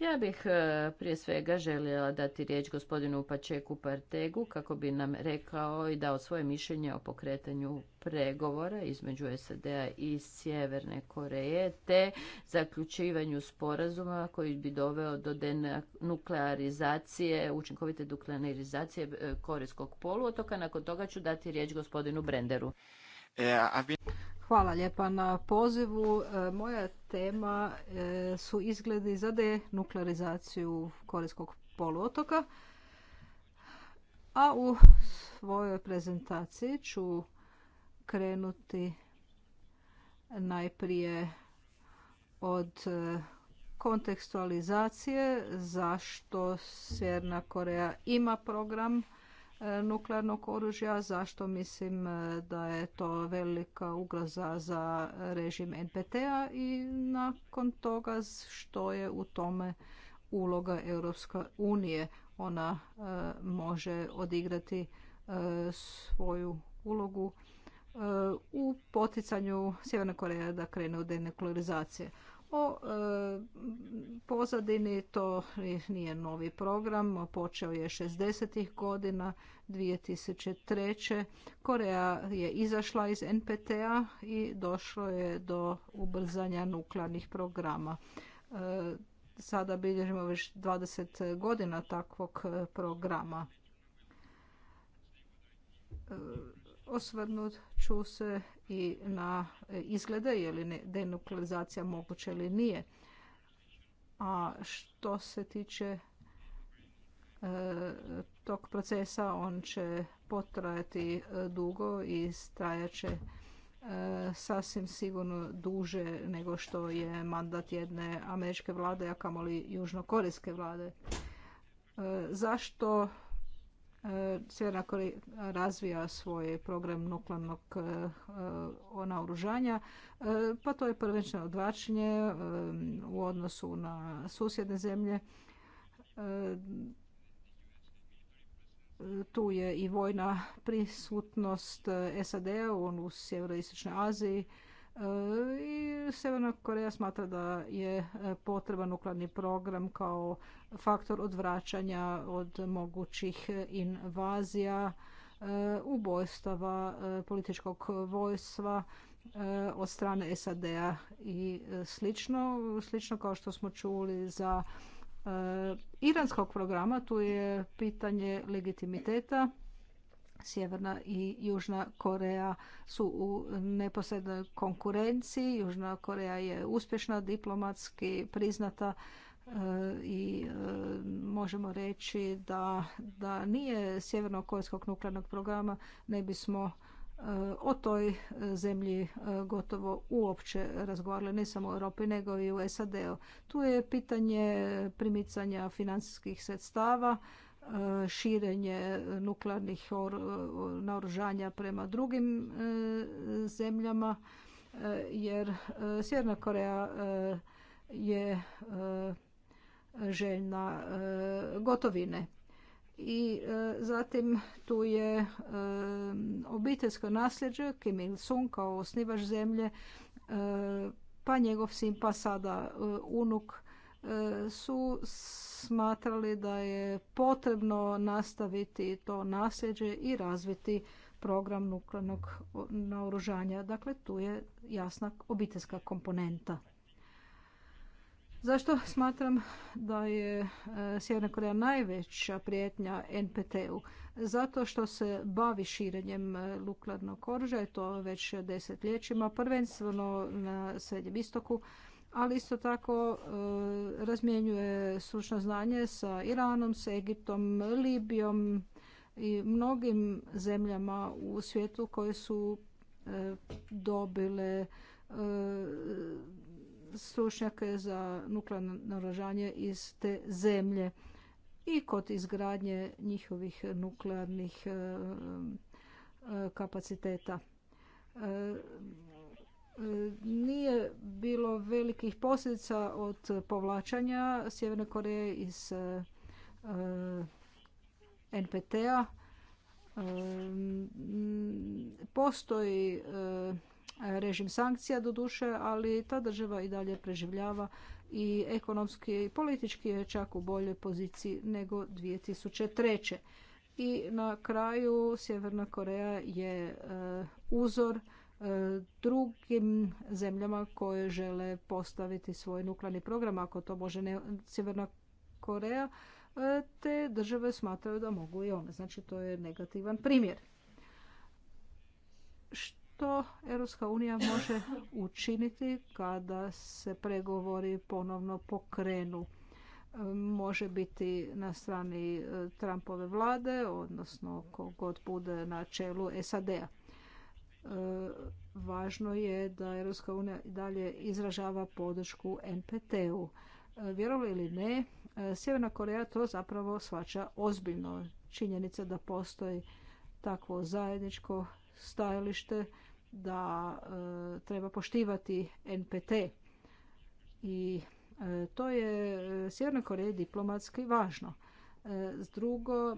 Ja bih e, prije svega željela dati riječ gospodinu Pačeku Partegu kako bi nam rekao i dao svoje mišljenje o pokretanju pregovora između SAD-a i Sjeverne Koreje te zaključivanju sporazuma koji bi doveo do denuklearizacije, učinkovite nuklearizacije e, Korejskog poluotoka. Nakon toga ću dati riječ gospodinu Brenderu. E,
Hvala lijepa na pozivu. E, moja tema e, su izgledi za denuklearizaciju Korejskog poluotoka. A u svojoj prezentaciji ću krenuti najprije od e, kontekstualizacije zašto Sjeverna Koreja ima program E, nuklearnog oružja, zašto mislim e, da je to velika ugroza za režim NPT-a i nakon toga što je u tome uloga Europske unije. Ona e, može odigrati svoju ulogu u poticanju Sjeverne Koreje da krene u denuklearizacije o e, pozadini to nije novi program, počeo je 60. ih godina 2003. Koreja je izašla iz NPT-a i došlo je do ubrzanja nuklearnih programa. E, sada bilježimo već 20 godina takvog e, programa Osvrnut ću se i na e, izglede, je li denuklearizacija moguća ili nije. A što se tiče e, tog procesa, on će potrajati e, dugo i trajat će sasvim sigurno duže nego što je mandat jedne američke vlade, a kamoli južnokorejske vlade. Zašto E, Sjeverna Koreja razvija svoj program nuklearnog e, e, naoružanja, pa to je prvenstveno odvraćanje u odnosu na susjedne zemlje. Tu je i vojna prisutnost SAD-a u sjeveroistočnoj Aziji E, I Sjeverna Koreja smatra da je e, potreban nuklearni program kao faktor odvraćanja od mogućih invazija, e, ubojstava, političkog vojstva od strane SAD-a i slično. Slično kao što smo čuli za iranskog programa, tu je pitanje legitimiteta Sjeverna i Južna Koreja su u neposrednoj konkurenciji. Južna Koreja je uspješna, diplomatski priznata e, i e, možemo reći da, da nije sjeverno-korejskog nuklearnog programa ne bismo e, o toj zemlji gotovo uopće razgovarali, ne samo u Europi, nego i u SAD-u. Tu je pitanje primicanja financijskih sredstava, širenje nuklearnih naoružanja prema drugim e, zemljama e, jer e, Sjeverna Koreja je željna gotovine. I zatim tu je obiteljsko nasljeđe Kim Il-sung kao osnivač zemlje pa njegov sin pa sada unuk su smatrali da je potrebno nastaviti to nasljeđe i razviti program nuklearnog naoružanja. Dakle, tu je jasna obiteljska komponenta. Zašto smatram da je e, Sjeverna Koreja najveća prijetnja NPT-u? Zato što se bavi širenjem e, nuklearnog oružja, i to već desetljećima, prvenstveno na Srednjem istoku, ali isto tako e, razmjenjuje stručno znanje sa Iranom, sa Egiptom, Libijom i mnogim zemljama u svijetu koje su e, dobile e, stručnjake za nuklearno naoružanje iz te zemlje i kod izgradnje njihovih nuklearnih kapaciteta nije bilo velikih posljedica od povlačanja Sjeverne Koreje iz e, e, NPT-a. E, postoji režim sankcija doduše, ali ta država i dalje preživljava i ekonomski i politički je čak u boljoj poziciji nego 2003. I na kraju Sjeverna Koreja je uzor drugim zemljama koje žele postaviti svoj nuklearni program, ako to može ne, Sjeverna Koreja, e, te države smatraju da mogu i one. Znači, to je negativan primjer. Što Europska unija može učiniti kada se pregovori ponovno pokrenu? Može biti na strani e, Trumpove vlade, odnosno kogod bude na čelu SAD-a važno je da Europska unija dalje izražava podršku NPT-u. Vjerovali ili ne, Sjeverna Koreja to zapravo svača ozbiljno. Činjenica da postoji takvo zajedničko stajalište da e, treba poštivati NPT. I e, to je e, Sjevernoj Koreji diplomatski važno. drugo,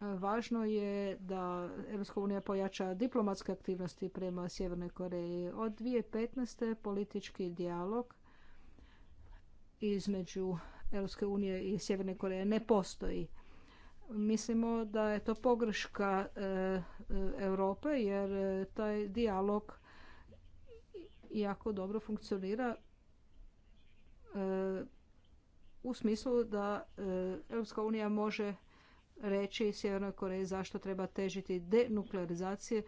Važno je da EU pojača diplomatske aktivnosti prema Sjevernoj Koreji. Od 2015. politički dijalog između EU i Sjeverne Koreje ne postoji. Mislimo da je to pogreška e, Europe jer e, taj dijalog jako dobro funkcionira e, u smislu da EU unija može reći Sjevernoj Koreji zašto treba težiti denuklearizacije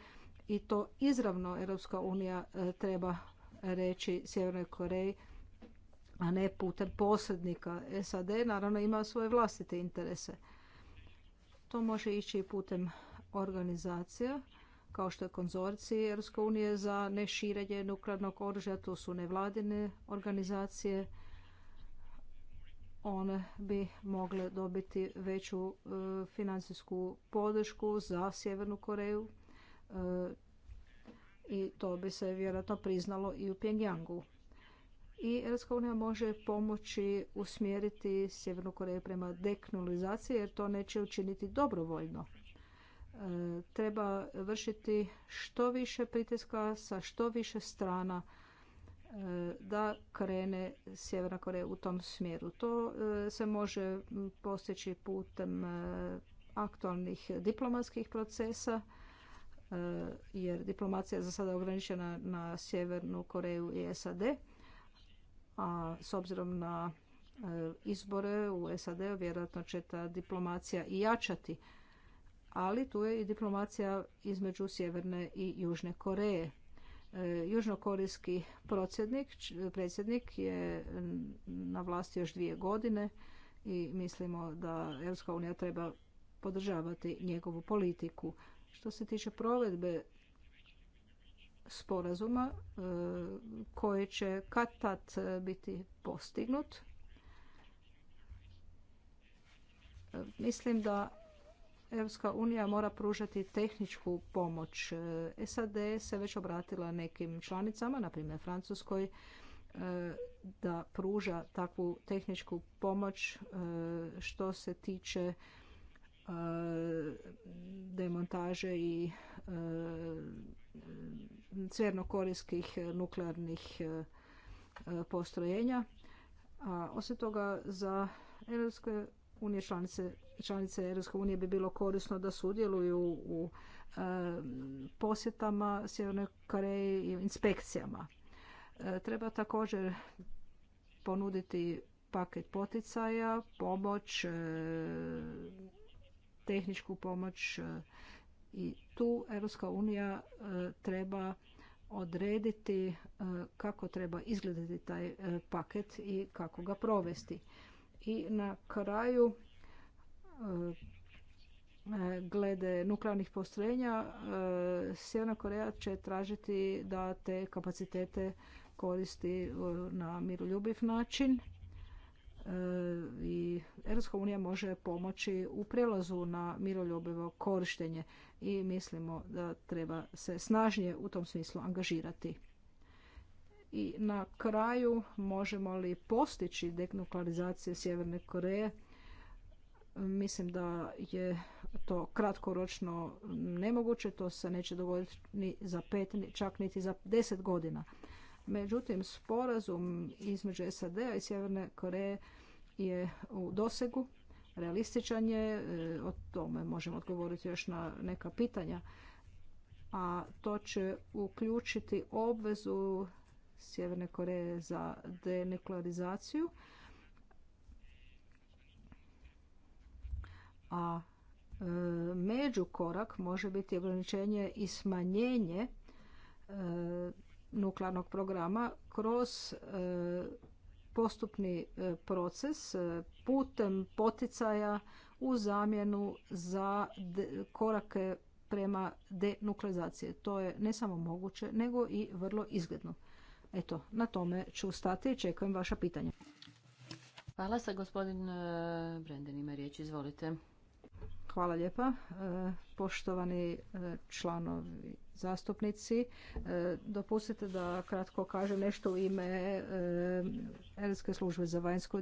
i to izravno Europska unija e, treba reći Sjevernoj Koreji a ne putem posrednika SAD, naravno ima svoje vlastite interese. To može ići i putem organizacija kao što je konzorcij Europske unije za neširenje nuklearnog oružja, to su nevladine organizacije, one bi mogle dobiti veću e, financijsku podršku za Sjevernu Koreju e, i to bi se vjerojatno priznalo i u Pjengjangu. I Europska unija može pomoći usmjeriti Sjevernu Koreju prema deknulizaciji jer to neće učiniti dobrovoljno. E, treba vršiti što više pritiska sa što više strana E, da krene Sjeverna Koreja u tom smjeru. To e, se može postići putem e, aktualnih diplomatskih procesa, jer diplomacija je za sada ograničena na Sjevernu Koreju i SAD, a s obzirom na izbore u sad vjerojatno će ta diplomacija i jačati, ali tu je i diplomacija između Sjeverne i Južne Koreje Južnokorejski predsjednik je na vlasti još dvije godine i mislimo da EU treba podržavati njegovu politiku. Što se tiče provedbe sporazuma e, koji će kad tad biti postignut, e, mislim da Europska unija mora pružati tehničku pomoć. E, SAD se već obratila nekim članicama, na primjer Francuskoj, e, da pruža takvu tehničku pomoć e, što se tiče demontaže i cvjernokorijskih nuklearnih postrojenja. A osim toga za Europske unije članice članice Europske bi bilo korisno da sudjeluju u e, posjetama Sjevernoj Koreji i inspekcijama. E, treba također ponuditi paket poticaja, pomoć, e, tehničku pomoć i tu Europska unija treba odrediti kako treba izgledati taj paket i kako ga provesti. I na kraju E, glede nuklearnih postrojenja e, Sjeverna Koreja će tražiti da te kapacitete koristi e, na miroljubiv način i Europska unija može pomoći u prijelazu na miroljubivo korištenje i mislimo da treba se snažnije u tom smislu angažirati. I na kraju možemo li postići denuklearizaciju Sjeverne Koreje Mislim da je to kratkoročno nemoguće, to se neće dogoditi ni za pet, čak niti za deset godina. Međutim, sporazum između SAD-a i Sjeverne Koreje je u dosegu, realističan je, e, o tome možemo odgovoriti još na neka pitanja, a to će uključiti obvezu Sjeverne Koreje za denuklearizaciju, a e, među korak može biti ograničenje i smanjenje e, nuklearnog programa kroz e, postupni proces putem poticaja u zamjenu za korake prema denukleizaciji. To je ne samo moguće, nego i vrlo izgledno. Eto, na tome ću stati i čekujem vaša pitanja. Hvala sa gospodin Brenden ima riječ, izvolite. Hvala lijepa. E, poštovani e, članovi zastupnici, e, dopustite da kratko kažem nešto u ime Europske službe za vanjsko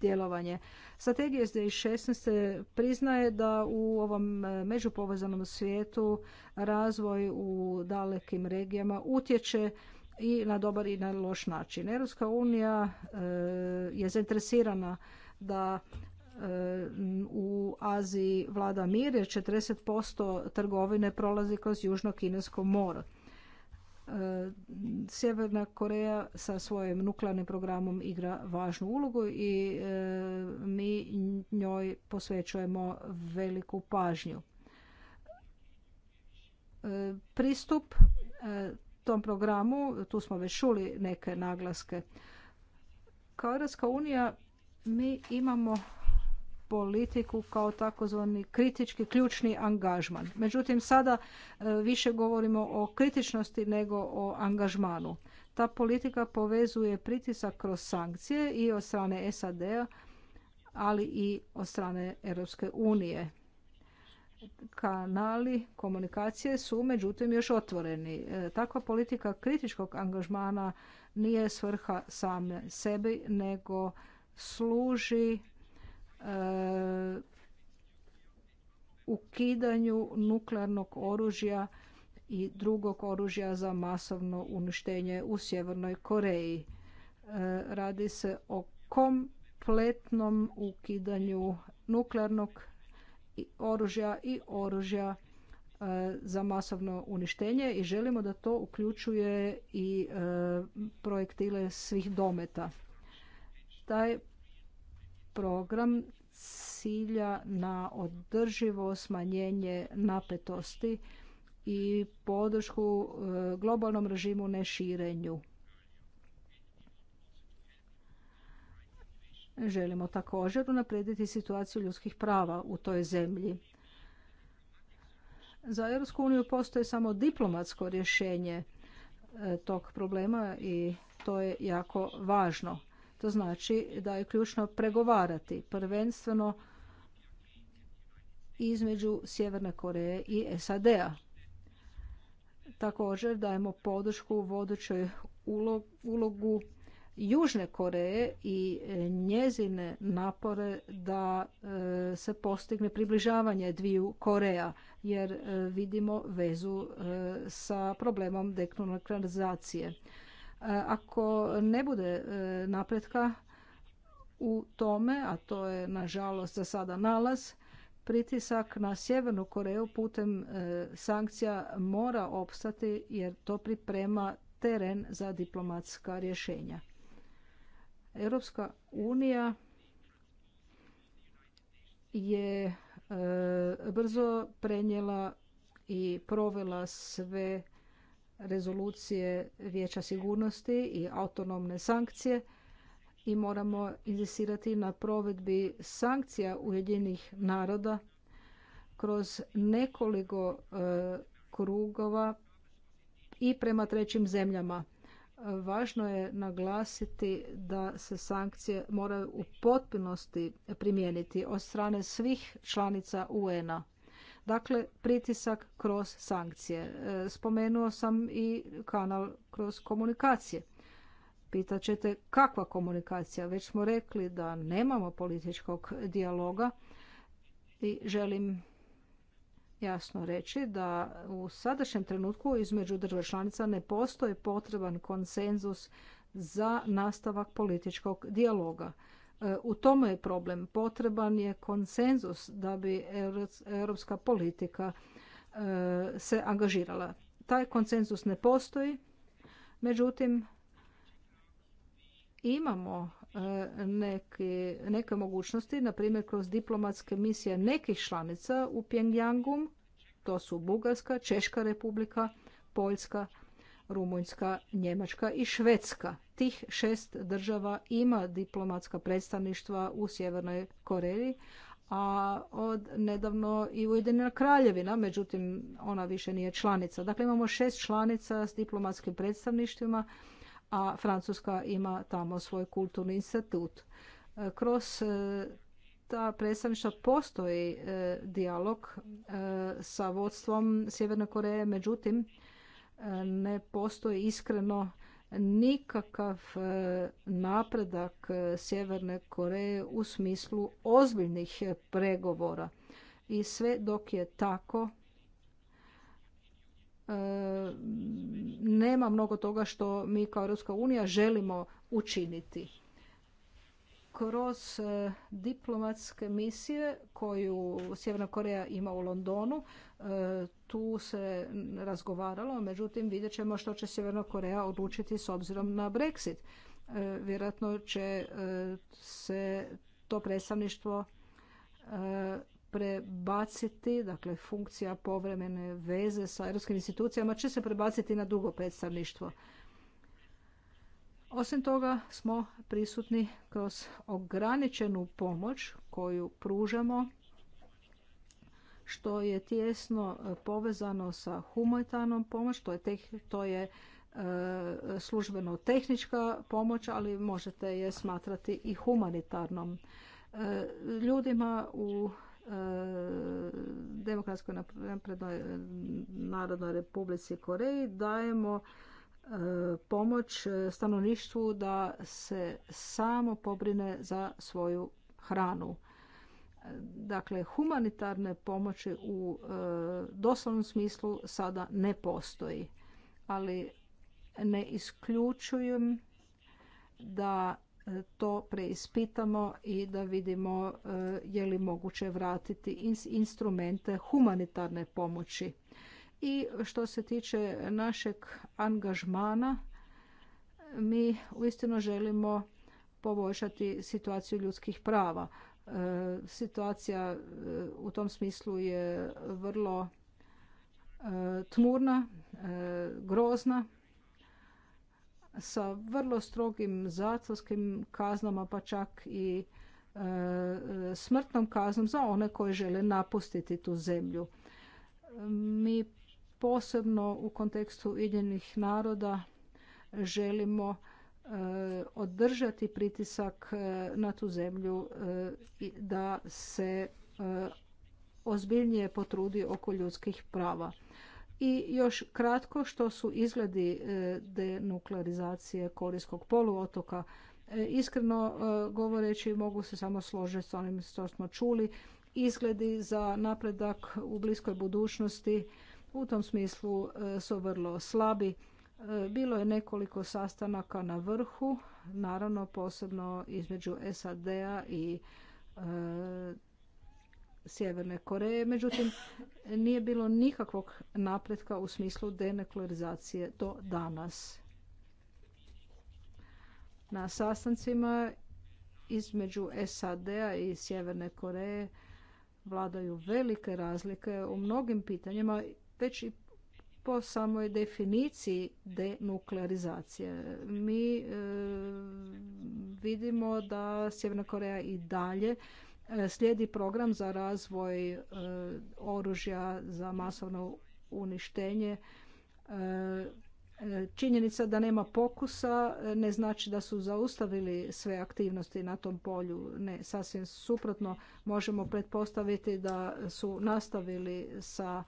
djelovanje. Strategija iz 2016. priznaje da u ovom međupovezanom svijetu razvoj u dalekim regijama utječe i na dobar i na loš način. Europska unija je zainteresirana da u Aziji vlada mir jer 40% trgovine prolazi kroz Južno Kinesko more. E, Sjeverna Koreja sa svojim nuklearnim programom igra važnu ulogu i e, mi njoj posvećujemo veliku pažnju. E, pristup tom programu, tu smo već čuli neke naglaske. Kao Europska unija mi imamo politiku kao takozvani kritički ključni angažman. Međutim, sada e, više govorimo o kritičnosti nego o angažmanu. Ta politika povezuje pritisak kroz sankcije i od strane SAD-a, ali i od strane Europske unije. Kanali komunikacije su međutim još otvoreni. E, takva politika kritičkog angažmana nije svrha same sebi, nego služi ukidanju nuklearnog oružja i drugog oružja za masovno uništenje u Sjevernoj Koreji. E, radi se o kompletnom ukidanju nuklearnog oružja i oružja e, za masovno uništenje i želimo da to uključuje i e, projektile svih dometa. Taj program cilja na održivo smanjenje napetosti i podršku e, globalnom režimu neširenju. Želimo također unaprijediti situaciju ljudskih prava u toj zemlji. Za Europsku uniju postoji samo diplomatsko rješenje e, tog problema i to je jako važno. To znači da je ključno pregovarati prvenstveno između Sjeverne Koreje i SAD-a. Također dajemo podršku vodećoj ulogu Južne Koreje i njezine napore da e, se postigne približavanje dviju Koreja, jer e, vidimo vezu e, sa problemom deknonokranizacije. E, ako ne bude e, napretka u tome, a to je nažalost za sada nalaz, pritisak na Sjevernu Koreju putem e, sankcija mora opstati jer to priprema teren za diplomatska rješenja. Europska unija je brzo prenijela i provela sve rezolucije Vijeća sigurnosti i autonomne sankcije i moramo inzistirati na provedbi sankcija Ujedinih naroda kroz nekoliko e, krugova i prema trećim zemljama. Važno je naglasiti da se sankcije moraju u potpunosti primijeniti od strane svih članica UN-a. Dakle, pritisak kroz sankcije. E, spomenuo sam i kanal kroz komunikacije. Pitat kakva komunikacija? Već smo rekli da nemamo političkog dijaloga i želim jasno reći da u sadašnjem trenutku između država članica ne postoji potreban konsenzus za nastavak političkog dijaloga. E, u tome je problem. Potreban je konsenzus da bi europska politika e, se angažirala. Taj konsenzus ne postoji, međutim imamo e, neke, mogućnosti, na primjer kroz diplomatske misije nekih članica u Pjengjangu, to su Bugarska, Češka republika, Poljska Rumunjska, Njemačka i Švedska. Tih šest država ima diplomatska predstavništva u Sjevernoj Koreji, a od nedavno i Ujedinjena kraljevina, međutim ona više nije članica. Dakle, imamo šest članica s diplomatskim predstavništvima, a Francuska ima tamo svoj kulturni institut. Kroz e, ta predstavništva postoji e, dijalog e, sa vodstvom Sjeverne Koreje, međutim, ne postoji iskreno nikakav e, napredak e, Sjeverne Koreje u smislu ozbiljnih pregovora. I sve dok je tako, e, nema mnogo toga što mi kao Europska unija želimo učiniti kroz e, diplomatske misije koju Sjeverna Koreja ima u Londonu. E, tu se razgovaralo, međutim vidjet ćemo što će Sjeverna Koreja odlučiti s obzirom na Brexit. E, vjerojatno će se to predstavništvo prebaciti, dakle funkcija povremene veze sa europskim institucijama će se prebaciti na drugo predstavništvo. Osim toga smo prisutni kroz ograničenu pomoć koju pružamo što je tjesno povezano sa humanitarnom pomoć, to je, to je e, službeno tehnička pomoć, ali možete je smatrati i humanitarnom. E, ljudima u e, Demokratskoj naprednoj narodnoj republici Koreji dajemo pomoć e, stanovništvu da se samo pobrine za svoju hranu. Dakle, humanitarne pomoći u e, doslovnom smislu sada ne postoji, ali ne isključujem da e, to preispitamo i da vidimo je li moguće vratiti instrumente humanitarne pomoći i što se tiče našeg angažmana, mi uistinu želimo poboljšati situaciju ljudskih prava. E, situacija e, u tom smislu je vrlo e, tmurna, grozna, sa vrlo strogim zatvorskim kaznama, pa čak i smrtnom kaznom za one koje žele napustiti tu zemlju. Mi posebno u kontekstu Ujedinjenih naroda želimo e, održati pritisak e, na tu zemlju e, da se ozbiljnije potrudi oko ljudskih prava. I još kratko što su izgledi denuklearizacije Korijskog poluotoka. Iskreno govoreći mogu se samo složiti s onim što smo čuli. Izgledi za napredak u bliskoj budućnosti u tom smislu e, su vrlo slabi. E, bilo je nekoliko sastanaka na vrhu, naravno posebno između SAD-a i e, Sjeverne Koreje. Međutim, nije bilo nikakvog napretka u smislu deneklearizacije do danas. Na sastancima između SAD-a i Sjeverne Koreje vladaju velike razlike u mnogim pitanjima već i po samoj definiciji denuklearizacije. Mi e, vidimo da Sjeverna Koreja i dalje e, slijedi program za razvoj e, oružja za masovno uništenje. Činjenica da nema pokusa ne znači da su zaustavili sve aktivnosti na tom polju. Ne, sasvim suprotno možemo pretpostaviti da su nastavili sa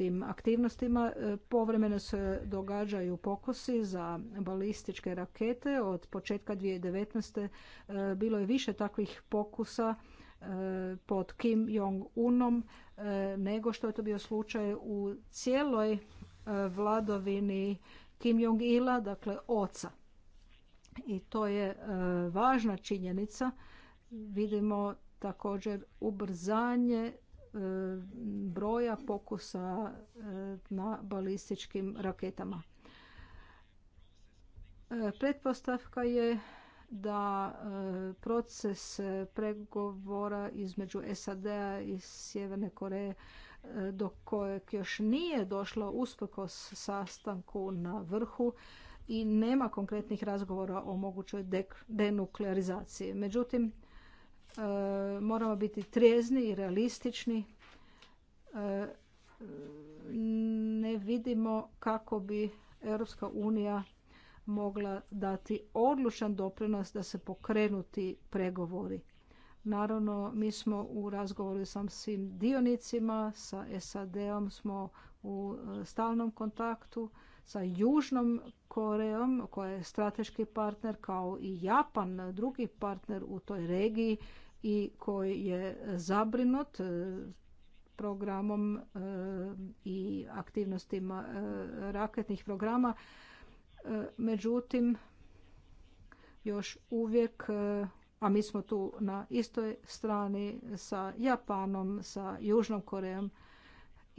tim aktivnostima e, povremeno se događaju pokusi za balističke rakete. Od početka 2019. E, bilo je više takvih pokusa e, pod Kim Jong-unom nego što je to bio slučaj u cijeloj vladovini Kim Jong-ila, dakle oca. I to je važna činjenica. Vidimo također ubrzanje Eh, broja pokusa eh, na balističkim raketama. Eh, pretpostavka je da proces pregovora između SAD-a i Sjeverne Koreje do kojeg još nije došlo usprkos sastanku na vrhu i nema konkretnih razgovora o mogućoj denuklearizaciji. Međutim, E, moramo biti trijezni i realistični. E, ne vidimo kako bi Europska unija mogla dati odlučan doprinos da se pokrenuti pregovori. Naravno, mi smo u razgovoru sa svim dionicima, sa SAD-om smo u e, stalnom kontaktu sa Južnom Korejom, koja je strateški partner, kao i Japan, drugi partner u toj regiji i koji je zabrinut e, programom e, i aktivnostima e, raketnih programa. Međutim, još uvijek, a mi smo tu na istoj strani sa Japanom, sa Južnom Korejom,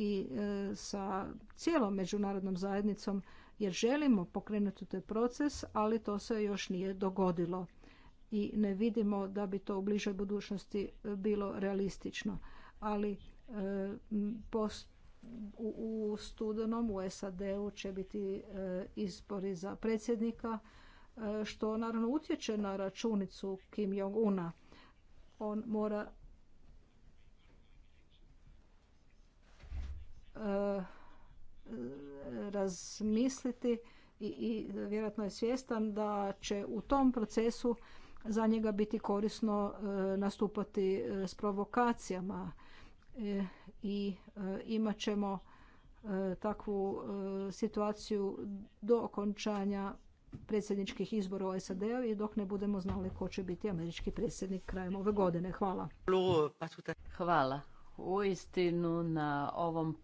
i e, sa cijelom međunarodnom zajednicom jer želimo pokrenuti taj proces, ali to se još nije dogodilo i ne vidimo da bi to u bližoj budućnosti e, bilo realistično. Ali e, u studenom u SAD-u će biti izbori za predsjednika, što naravno utječe na računicu Kim Jong-una. On mora E, razmisliti i, i vjerojatno je svjestan da će u tom procesu za njega biti korisno e, nastupati e, s provokacijama i imat ćemo takvu situaciju do okončanja predsjedničkih izbora u SAD-u i dok ne budemo znali ko će biti američki predsjednik krajem ove godine. Hvala.
Hvala uistinu na, ovom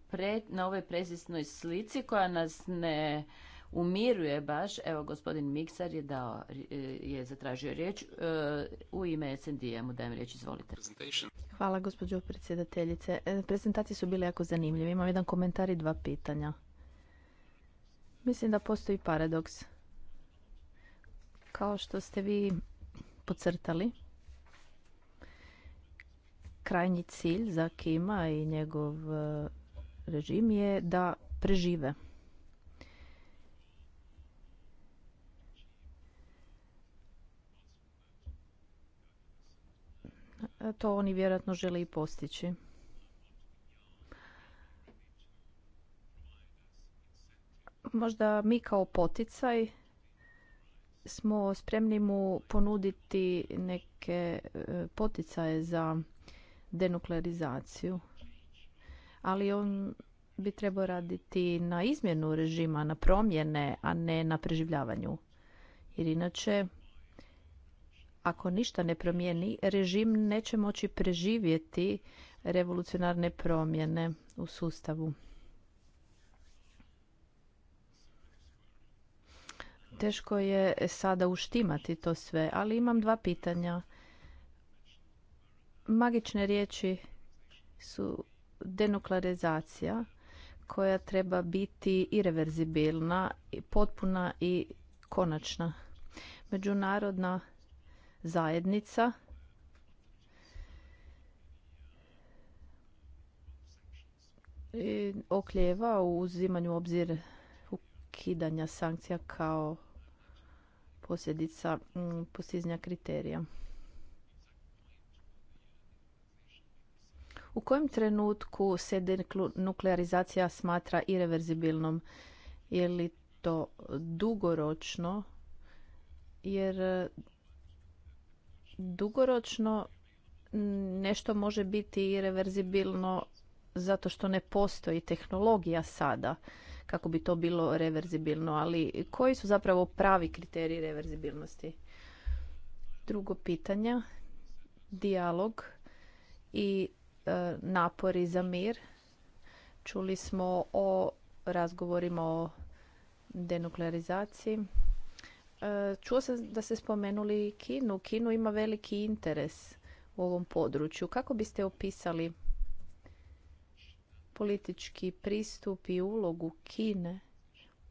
na ovoj prezisnoj slici koja nas ne umiruje baš. Evo, gospodin Miksar je dao, je zatražio riječ. E, u ime SND-a mu dajem riječ, izvolite.
Hvala, gospođo predsjedateljice. E, prezentacije su bile jako zanimljive. Imam jedan komentar i dva pitanja. Mislim da postoji paradoks. Kao što ste vi pocrtali, krajnji cilj za Kima i njegov e, režim je da prežive. E, to oni vjerojatno žele i postići. Možda mi kao poticaj smo spremni mu ponuditi neke e, poticaje za denuklearizaciju. Ali on bi trebao raditi na izmjenu režima, na promjene, a ne na preživljavanju. Jer inače, ako ništa ne promijeni, režim neće moći preživjeti revolucionarne promjene u sustavu. Teško je sada uštimati to sve, ali imam dva pitanja magične riječi su denuklearizacija koja treba biti irreverzibilna, potpuna i konačna. Međunarodna zajednica okljeva u uzimanju obzir ukidanja sankcija kao posljedica mm, postizanja kriterija. U kojem trenutku se nuklearizacija smatra irreverzibilnom? Je li to dugoročno? Jer e, dugoročno nešto može biti irreverzibilno zato što ne postoji tehnologija sada kako bi to bilo reverzibilno, ali koji su zapravo pravi kriteriji reverzibilnosti? Drugo pitanje, dijalog i E, napori za mir. Čuli smo o razgovorima o denuklearizaciji. E, čuo sam da ste spomenuli Kinu. Kinu ima veliki interes u ovom području. Kako biste opisali politički pristup i ulogu Kine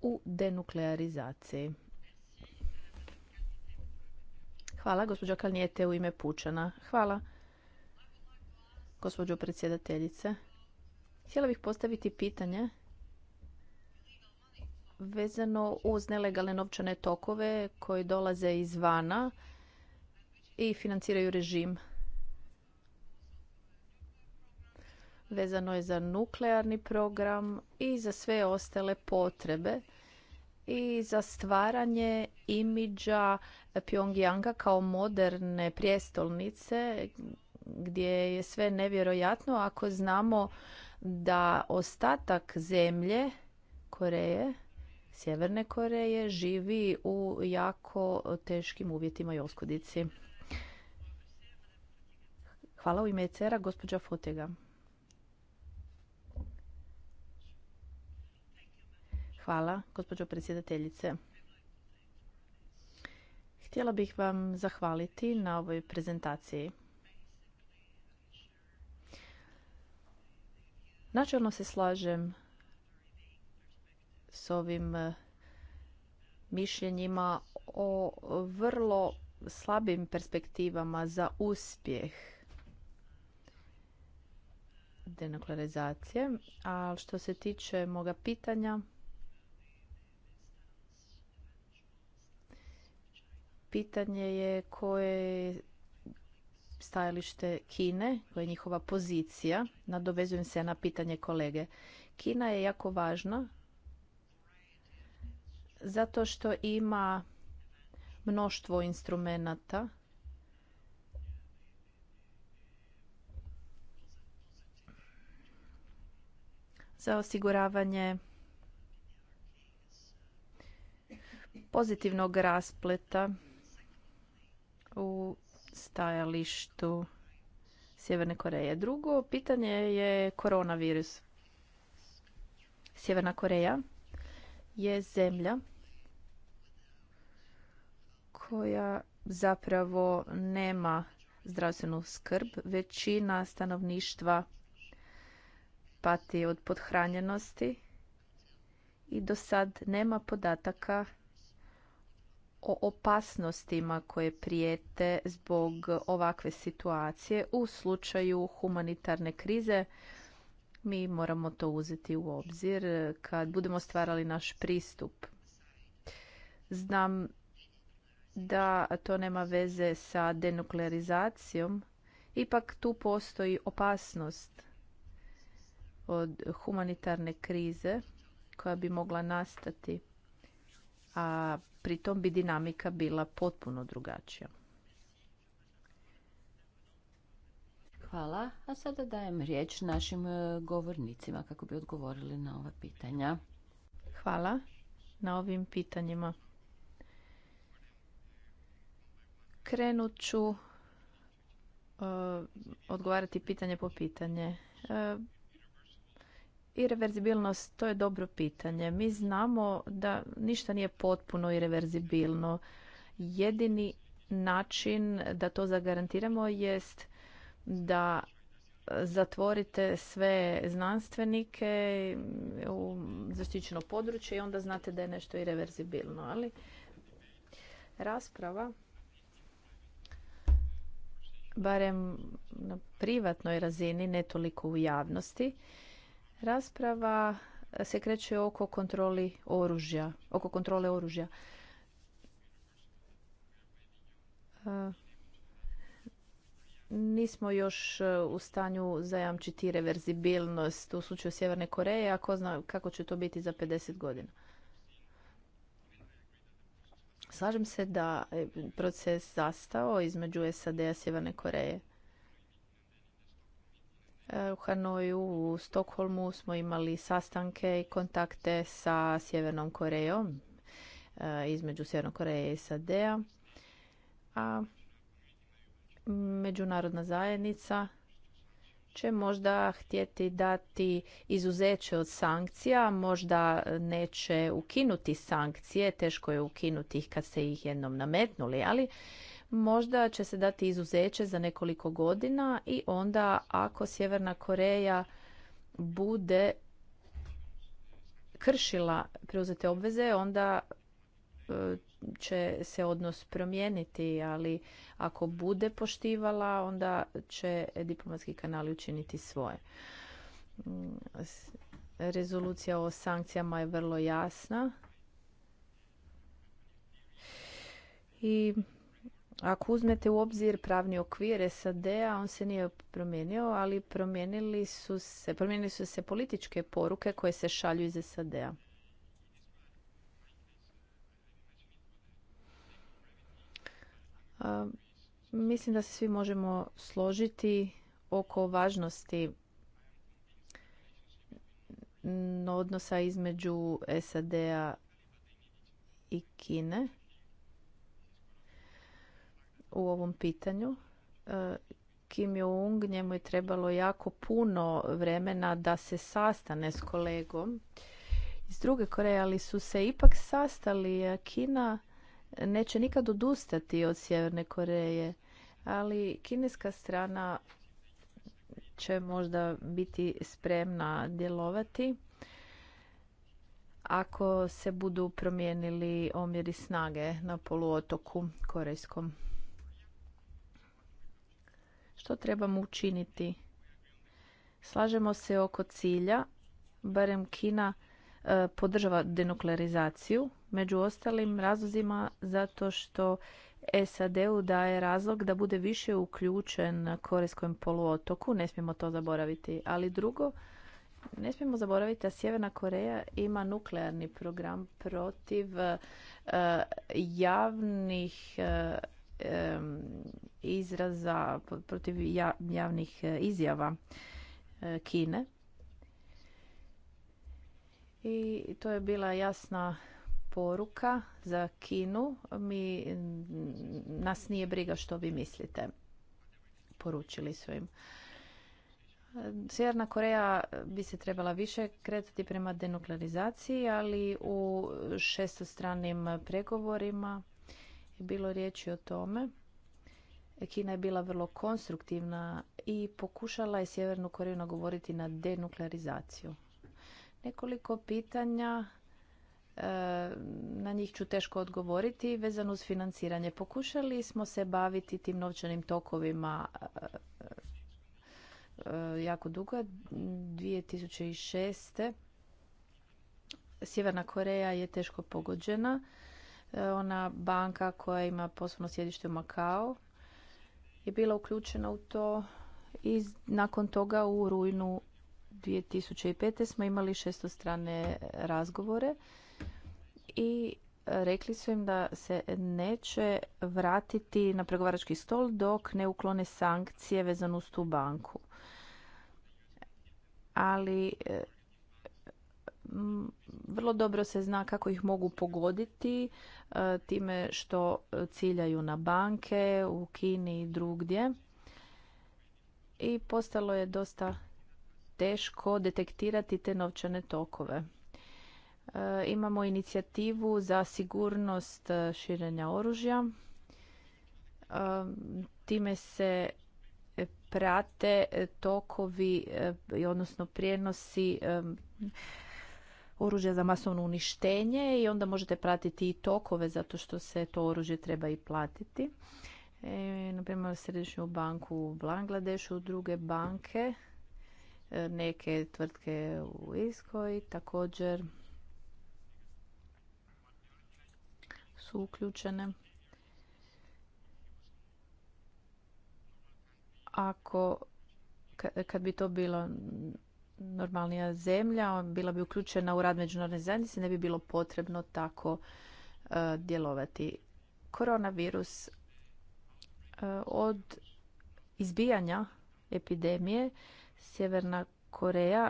u denuklearizaciji? Hvala, gospođa Kalnijete u ime Pučana. Hvala gospođo predsjedateljice. Htjela bih postaviti pitanje vezano uz nelegalne novčane tokove koji dolaze izvana i financiraju režim. Vezano je za nuklearni program i za sve ostale potrebe i za stvaranje imidža Pyongyanga kao moderne prijestolnice gdje je sve nevjerojatno ako znamo da ostatak zemlje Koreje, Sjeverne Koreje, živi u jako teškim uvjetima i oskudici. Hvala u ime cera, gospođa Fotega. Hvala, gospođo predsjedateljice. Htjela bih vam zahvaliti na ovoj prezentaciji. Načelno se slažem s ovim e, mišljenjima o vrlo slabim perspektivama za uspjeh denuklearizacije. A što se tiče moga pitanja, pitanje je koje stajalište Kine, koja je njihova pozicija. Nadovezujem se na pitanje kolege. Kina je jako važna zato što ima mnoštvo instrumenata za osiguravanje pozitivnog raspleta u stajalištu Sjeverne Koreje. Drugo pitanje je koronavirus. Sjeverna Koreja je zemlja koja zapravo nema zdravstvenu skrb. Većina stanovništva pati od podhranjenosti i do sad nema podataka o opasnostima koje prijete zbog ovakve situacije u slučaju humanitarne krize. Mi moramo to uzeti u obzir kad budemo stvarali naš pristup. Znam da to nema veze sa denuklearizacijom, ipak tu postoji opasnost od humanitarne krize koja bi mogla nastati a pritom bi dinamika bila potpuno drugačija.
Hvala. A sada dajem riječ našim e, govornicima kako bi odgovorili na ova pitanja. Hvala na ovim pitanjima. Krenut
ću e, odgovarati pitanje po pitanje. E, i to je dobro pitanje. Mi znamo da ništa nije potpuno ireverzibilno. Jedini način da to zagarantiramo jest da zatvorite sve znanstvenike u zaštićeno područje i onda znate da je nešto ireverzibilno. Ali rasprava, barem na privatnoj razini, ne toliko u javnosti, Rasprava se kreće oko kontroli oružja, oko kontrole oružja. E, nismo još e, u stanju zajamčiti reverzibilnost u slučaju Sjeverne Koreje, a ko zna kako će to biti za 50 godina. Slažem se da proces zastao između SAD-a Sjeverne Koreje. E, u Hanoju, u Stokholmu smo imali sastanke i kontakte sa Sjevernom Korejom, e, između Sjeverne Koreje i SAD-a. A međunarodna zajednica će možda htjeti dati izuzeće od sankcija, možda neće ukinuti sankcije, teško je ukinuti ih kad ste ih jednom nametnuli, ali Možda će se dati izuzeće za nekoliko godina i onda ako Sjeverna Koreja bude kršila preuzete obveze, onda e, će se odnos promijeniti, ali ako bude poštivala, onda će diplomatski kanali učiniti svoje. Mm, rezolucija o sankcijama je vrlo jasna. I ako uzmete u obzir pravni okvir SAD-a, on se nije promijenio, ali promijenili su se, promijenili su se političke poruke koje se šalju iz SAD-a. Mislim da se svi možemo složiti oko važnosti odnosa između SAD-a i Kine u ovom pitanju. E, Kim Jong, njemu je trebalo jako puno vremena da se sastane s kolegom iz druge Koreje, ali su se ipak sastali. Kina neće nikad odustati od Sjeverne Koreje, ali kineska strana će možda biti spremna djelovati ako se budu promijenili omjeri snage na poluotoku korejskom. To trebamo učiniti? Slažemo se oko cilja, barem Kina e, podržava denuklearizaciju, među ostalim razlozima zato što SAD-u daje razlog da bude više uključen na Korejskom poluotoku, ne smijemo to zaboraviti. Ali drugo, ne smijemo zaboraviti da Sjeverna Koreja ima nuklearni program protiv e, javnih e, izraza, protiv javnih e, izjava e, Kine. I to je bila jasna poruka za Kinu. Mi, nas nije briga što vi mislite. Poručili su im. Sjeverna Koreja bi se trebala više kretati prema denuklearizaciji, ali u šestostranim pregovorima bilo riječi o tome. Kina je bila vrlo konstruktivna i pokušala je Sjevernu Koreju nagovoriti na denuklearizaciju. Nekoliko pitanja e, na njih ću teško odgovoriti vezano uz financiranje. Pokušali smo se baviti tim novčanim tokovima e, e, jako dugo, 2006. Sjeverna Koreja je teško pogođena E, ona banka koja ima poslovno sjedište u Makao je bila uključena u to i nakon toga u rujnu 2005. smo imali šestostrane razgovore i e, rekli su im da se neće vratiti na pregovarački stol dok ne uklone sankcije vezano uz tu banku. Ali e, vrlo dobro se zna kako ih mogu pogoditi e, time što ciljaju na banke u Kini i drugdje. I postalo je dosta teško detektirati te novčane tokove. E, imamo inicijativu za sigurnost e, širenja oružja. Time se prate tokovi, odnosno prijenosi oružja za masovno uništenje i onda možete pratiti i tokove zato što se to oružje treba i platiti. E, primjer, Središnju banku u Bangladešu, druge banke, e, neke tvrtke u Iskoj također su uključene. Ako kad bi to bilo normalnija zemlja bila bi uključena u rad međunarodne zajednice, ne bi bilo potrebno tako e, djelovati. Koronavirus e, od izbijanja epidemije Sjeverna Koreja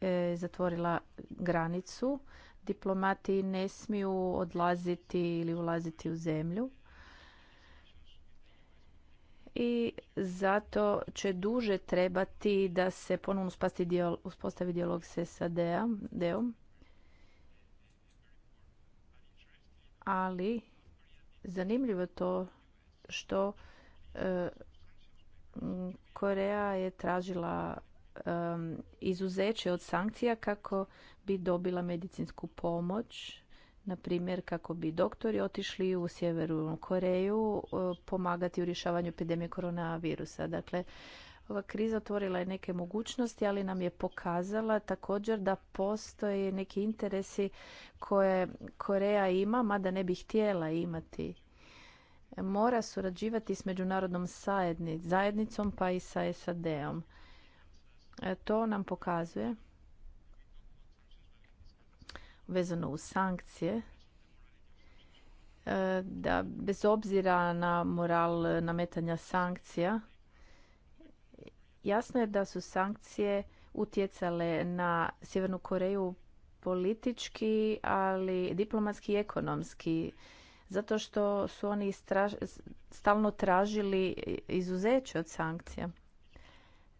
e, zatvorila granicu. Diplomati ne smiju odlaziti ili ulaziti u zemlju i zato će duže trebati da se ponovno uspostavi dijalog s SAD-om. Ali zanimljivo to što e, Koreja je tražila e, izuzeće od sankcija kako bi dobila medicinsku pomoć na primjer kako bi doktori otišli u Sjevernu Koreju e, pomagati u rješavanju epidemije koronavirusa. Dakle, ova kriza otvorila je neke mogućnosti, ali nam je pokazala također da postoje neki interesi koje Koreja ima, mada ne bi htjela imati. Mora surađivati s međunarodnom zajednicom, pa i sa SAD-om. E, to nam pokazuje vezano uz sankcije e, da bez obzira na moral nametanja sankcija jasno je da su sankcije utjecale na Sjevernu Koreju politički, ali diplomatski i ekonomski zato što su oni stalno tražili izuzeće od sankcija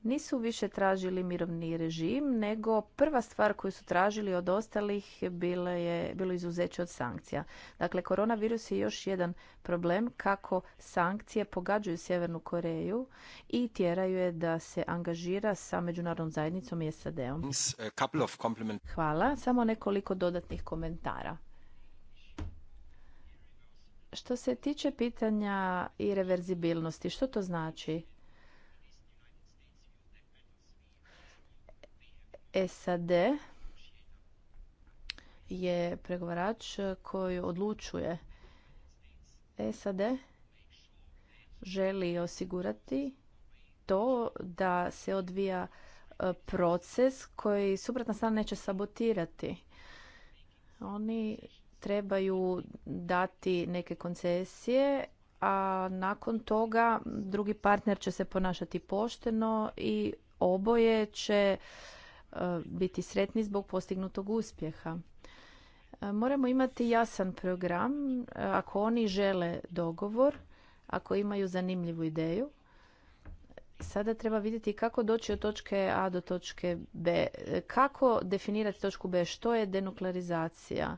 nisu više tražili mirovni režim, nego prva stvar koju su tražili od ostalih bilo je bilo izuzeće od sankcija. Dakle, koronavirus je još jedan problem kako sankcije pogađaju Sjevernu Koreju i tjeraju je da se angažira sa međunarodnom zajednicom i SAD-om. Hvala. Samo nekoliko dodatnih komentara. Što se tiče pitanja i reverzibilnosti, što to znači? SAD je pregovarač koji odlučuje. SAD želi osigurati to da se odvija e, proces koji suprotna strana neće sabotirati. Oni trebaju dati neke koncesije, a nakon toga drugi partner će se ponašati pošteno i oboje će E, biti sretni zbog postignutog uspjeha. E, moramo imati jasan program e, ako oni žele dogovor, ako imaju zanimljivu ideju. Sada treba vidjeti kako doći od točke A do točke B, kako definirati točku B, što je denuklearizacija.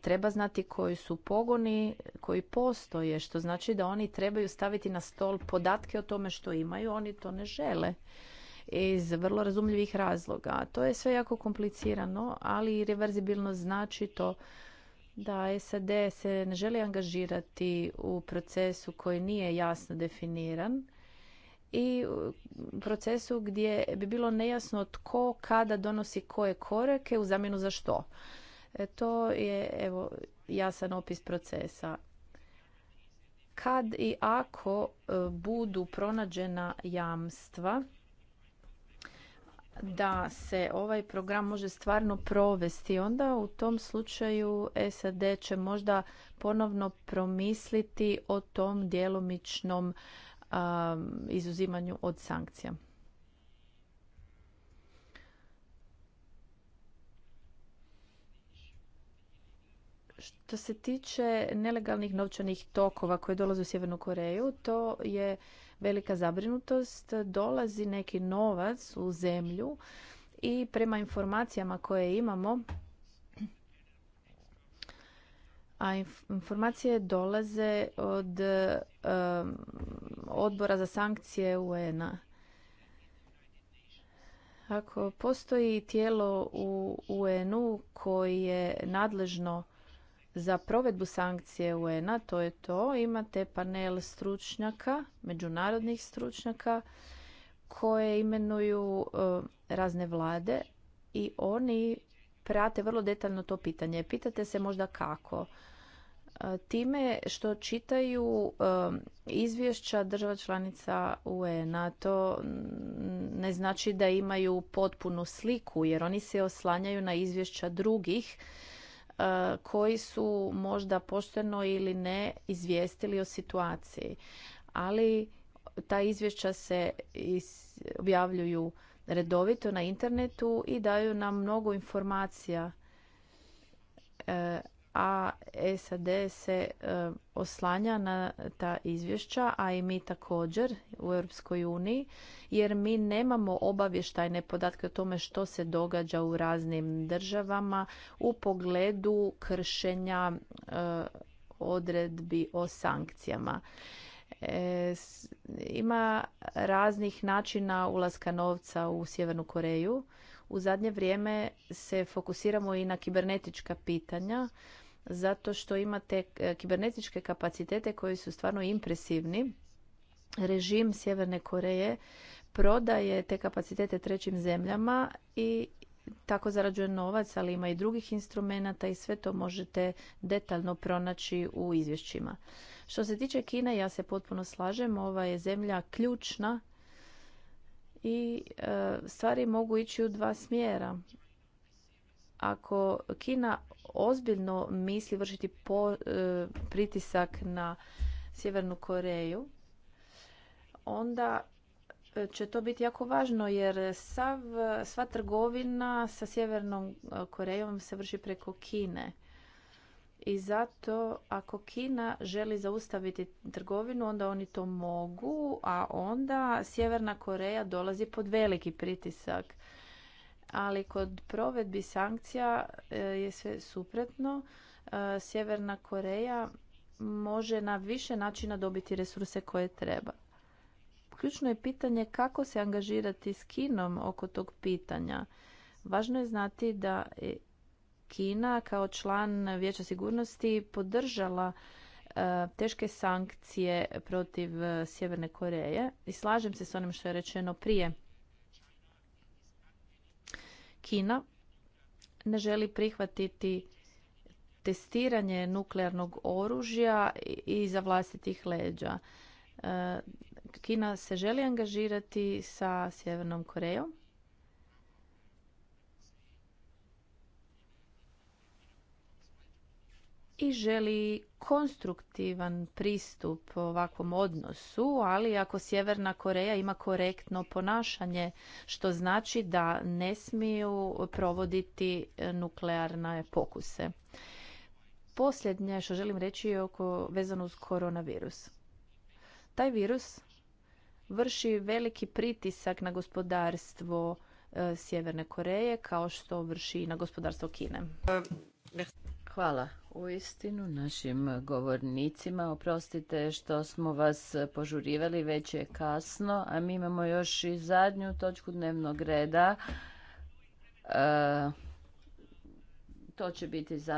Treba znati koji su pogoni koji postoje, što znači da oni trebaju staviti na stol podatke o tome što imaju, oni to ne žele iz vrlo razumljivih razloga. To je sve jako komplicirano, ali reverzibilno znači to da SAD se ne želi angažirati u procesu koji nije jasno definiran i procesu gdje bi bilo nejasno tko kada donosi koje korake u zamjenu za što. E, to je evo, jasan opis procesa. Kad i ako e, budu pronađena jamstva da se ovaj program može stvarno provesti, onda u tom slučaju SAD će možda ponovno promisliti o tom djelomičnom izuzimanju od sankcija. Što se tiče nelegalnih novčanih tokova koje dolaze u Sjevernu Koreju, to je velika zabrinutost. Dolazi neki novac u zemlju i prema informacijama koje imamo, a informacije dolaze od odbora za sankcije UN-a. Ako postoji tijelo u UN-u koje je nadležno za provedbu sankcije UN-a, to je to, imate panel stručnjaka, međunarodnih stručnjaka koje imenuju eh, razne vlade i oni prate vrlo detaljno to pitanje. Pitate se možda kako? Eh, time što čitaju eh, izvješća država članica UN-a, to ne znači da imaju potpunu sliku jer oni se oslanjaju na izvješća drugih E, koji su možda pošteno ili ne izvijestili o situaciji. Ali ta izvješća se objavljuju redovito na internetu i daju nam mnogo informacija e, a SAD se e, oslanja na ta izvješća, a i mi također u Europskoj uniji, jer mi nemamo obavještajne podatke o tome što se događa u raznim državama u pogledu kršenja e, odredbi o sankcijama. E, ima raznih načina ulaska novca u Sjevernu Koreju. U zadnje vrijeme se fokusiramo i na kibernetička pitanja zato što imate e, kibernetičke kapacitete koji su stvarno impresivni. Režim Sjeverne Koreje prodaje te kapacitete trećim zemljama i tako zarađuje novac, ali ima i drugih instrumenata i sve to možete detaljno pronaći u izvješćima. Što se tiče Kine, ja se potpuno slažem, ova je zemlja ključna i e, stvari mogu ići u dva smjera. Ako Kina ozbiljno misli vršiti po, e, pritisak na Sjevernu Koreju, onda e, će to biti jako važno jer sav, sva trgovina sa Sjevernom e, Korejom se vrši preko Kine. I zato ako Kina želi zaustaviti trgovinu, onda oni to mogu, a onda Sjeverna Koreja dolazi pod veliki pritisak ali kod provedbi sankcija e, je sve suprotno. E, Sjeverna Koreja može na više načina dobiti resurse koje treba. Ključno je pitanje kako se angažirati s Kinom oko tog pitanja. Važno je znati da je Kina kao član Vijeća sigurnosti podržala e, teške sankcije protiv Sjeverne Koreje i slažem se s onim što je rečeno prije Kina ne želi prihvatiti testiranje nuklearnog oružja i za vlastitih leđa. E, Kina se želi angažirati sa Sjevernom Korejom i želi konstruktivan pristup ovakvom odnosu, ali ako Sjeverna Koreja ima korektno ponašanje, što znači da ne smiju provoditi nuklearne pokuse. Posljednje što želim reći je oko, vezano uz koronavirus. Taj virus vrši veliki pritisak na gospodarstvo e, Sjeverne Koreje kao što vrši i na gospodarstvo Kine.
Hvala u istinu našim govornicima. Oprostite što smo vas požurivali, već je kasno, a mi imamo još i zadnju točku dnevnog reda. E, to će biti za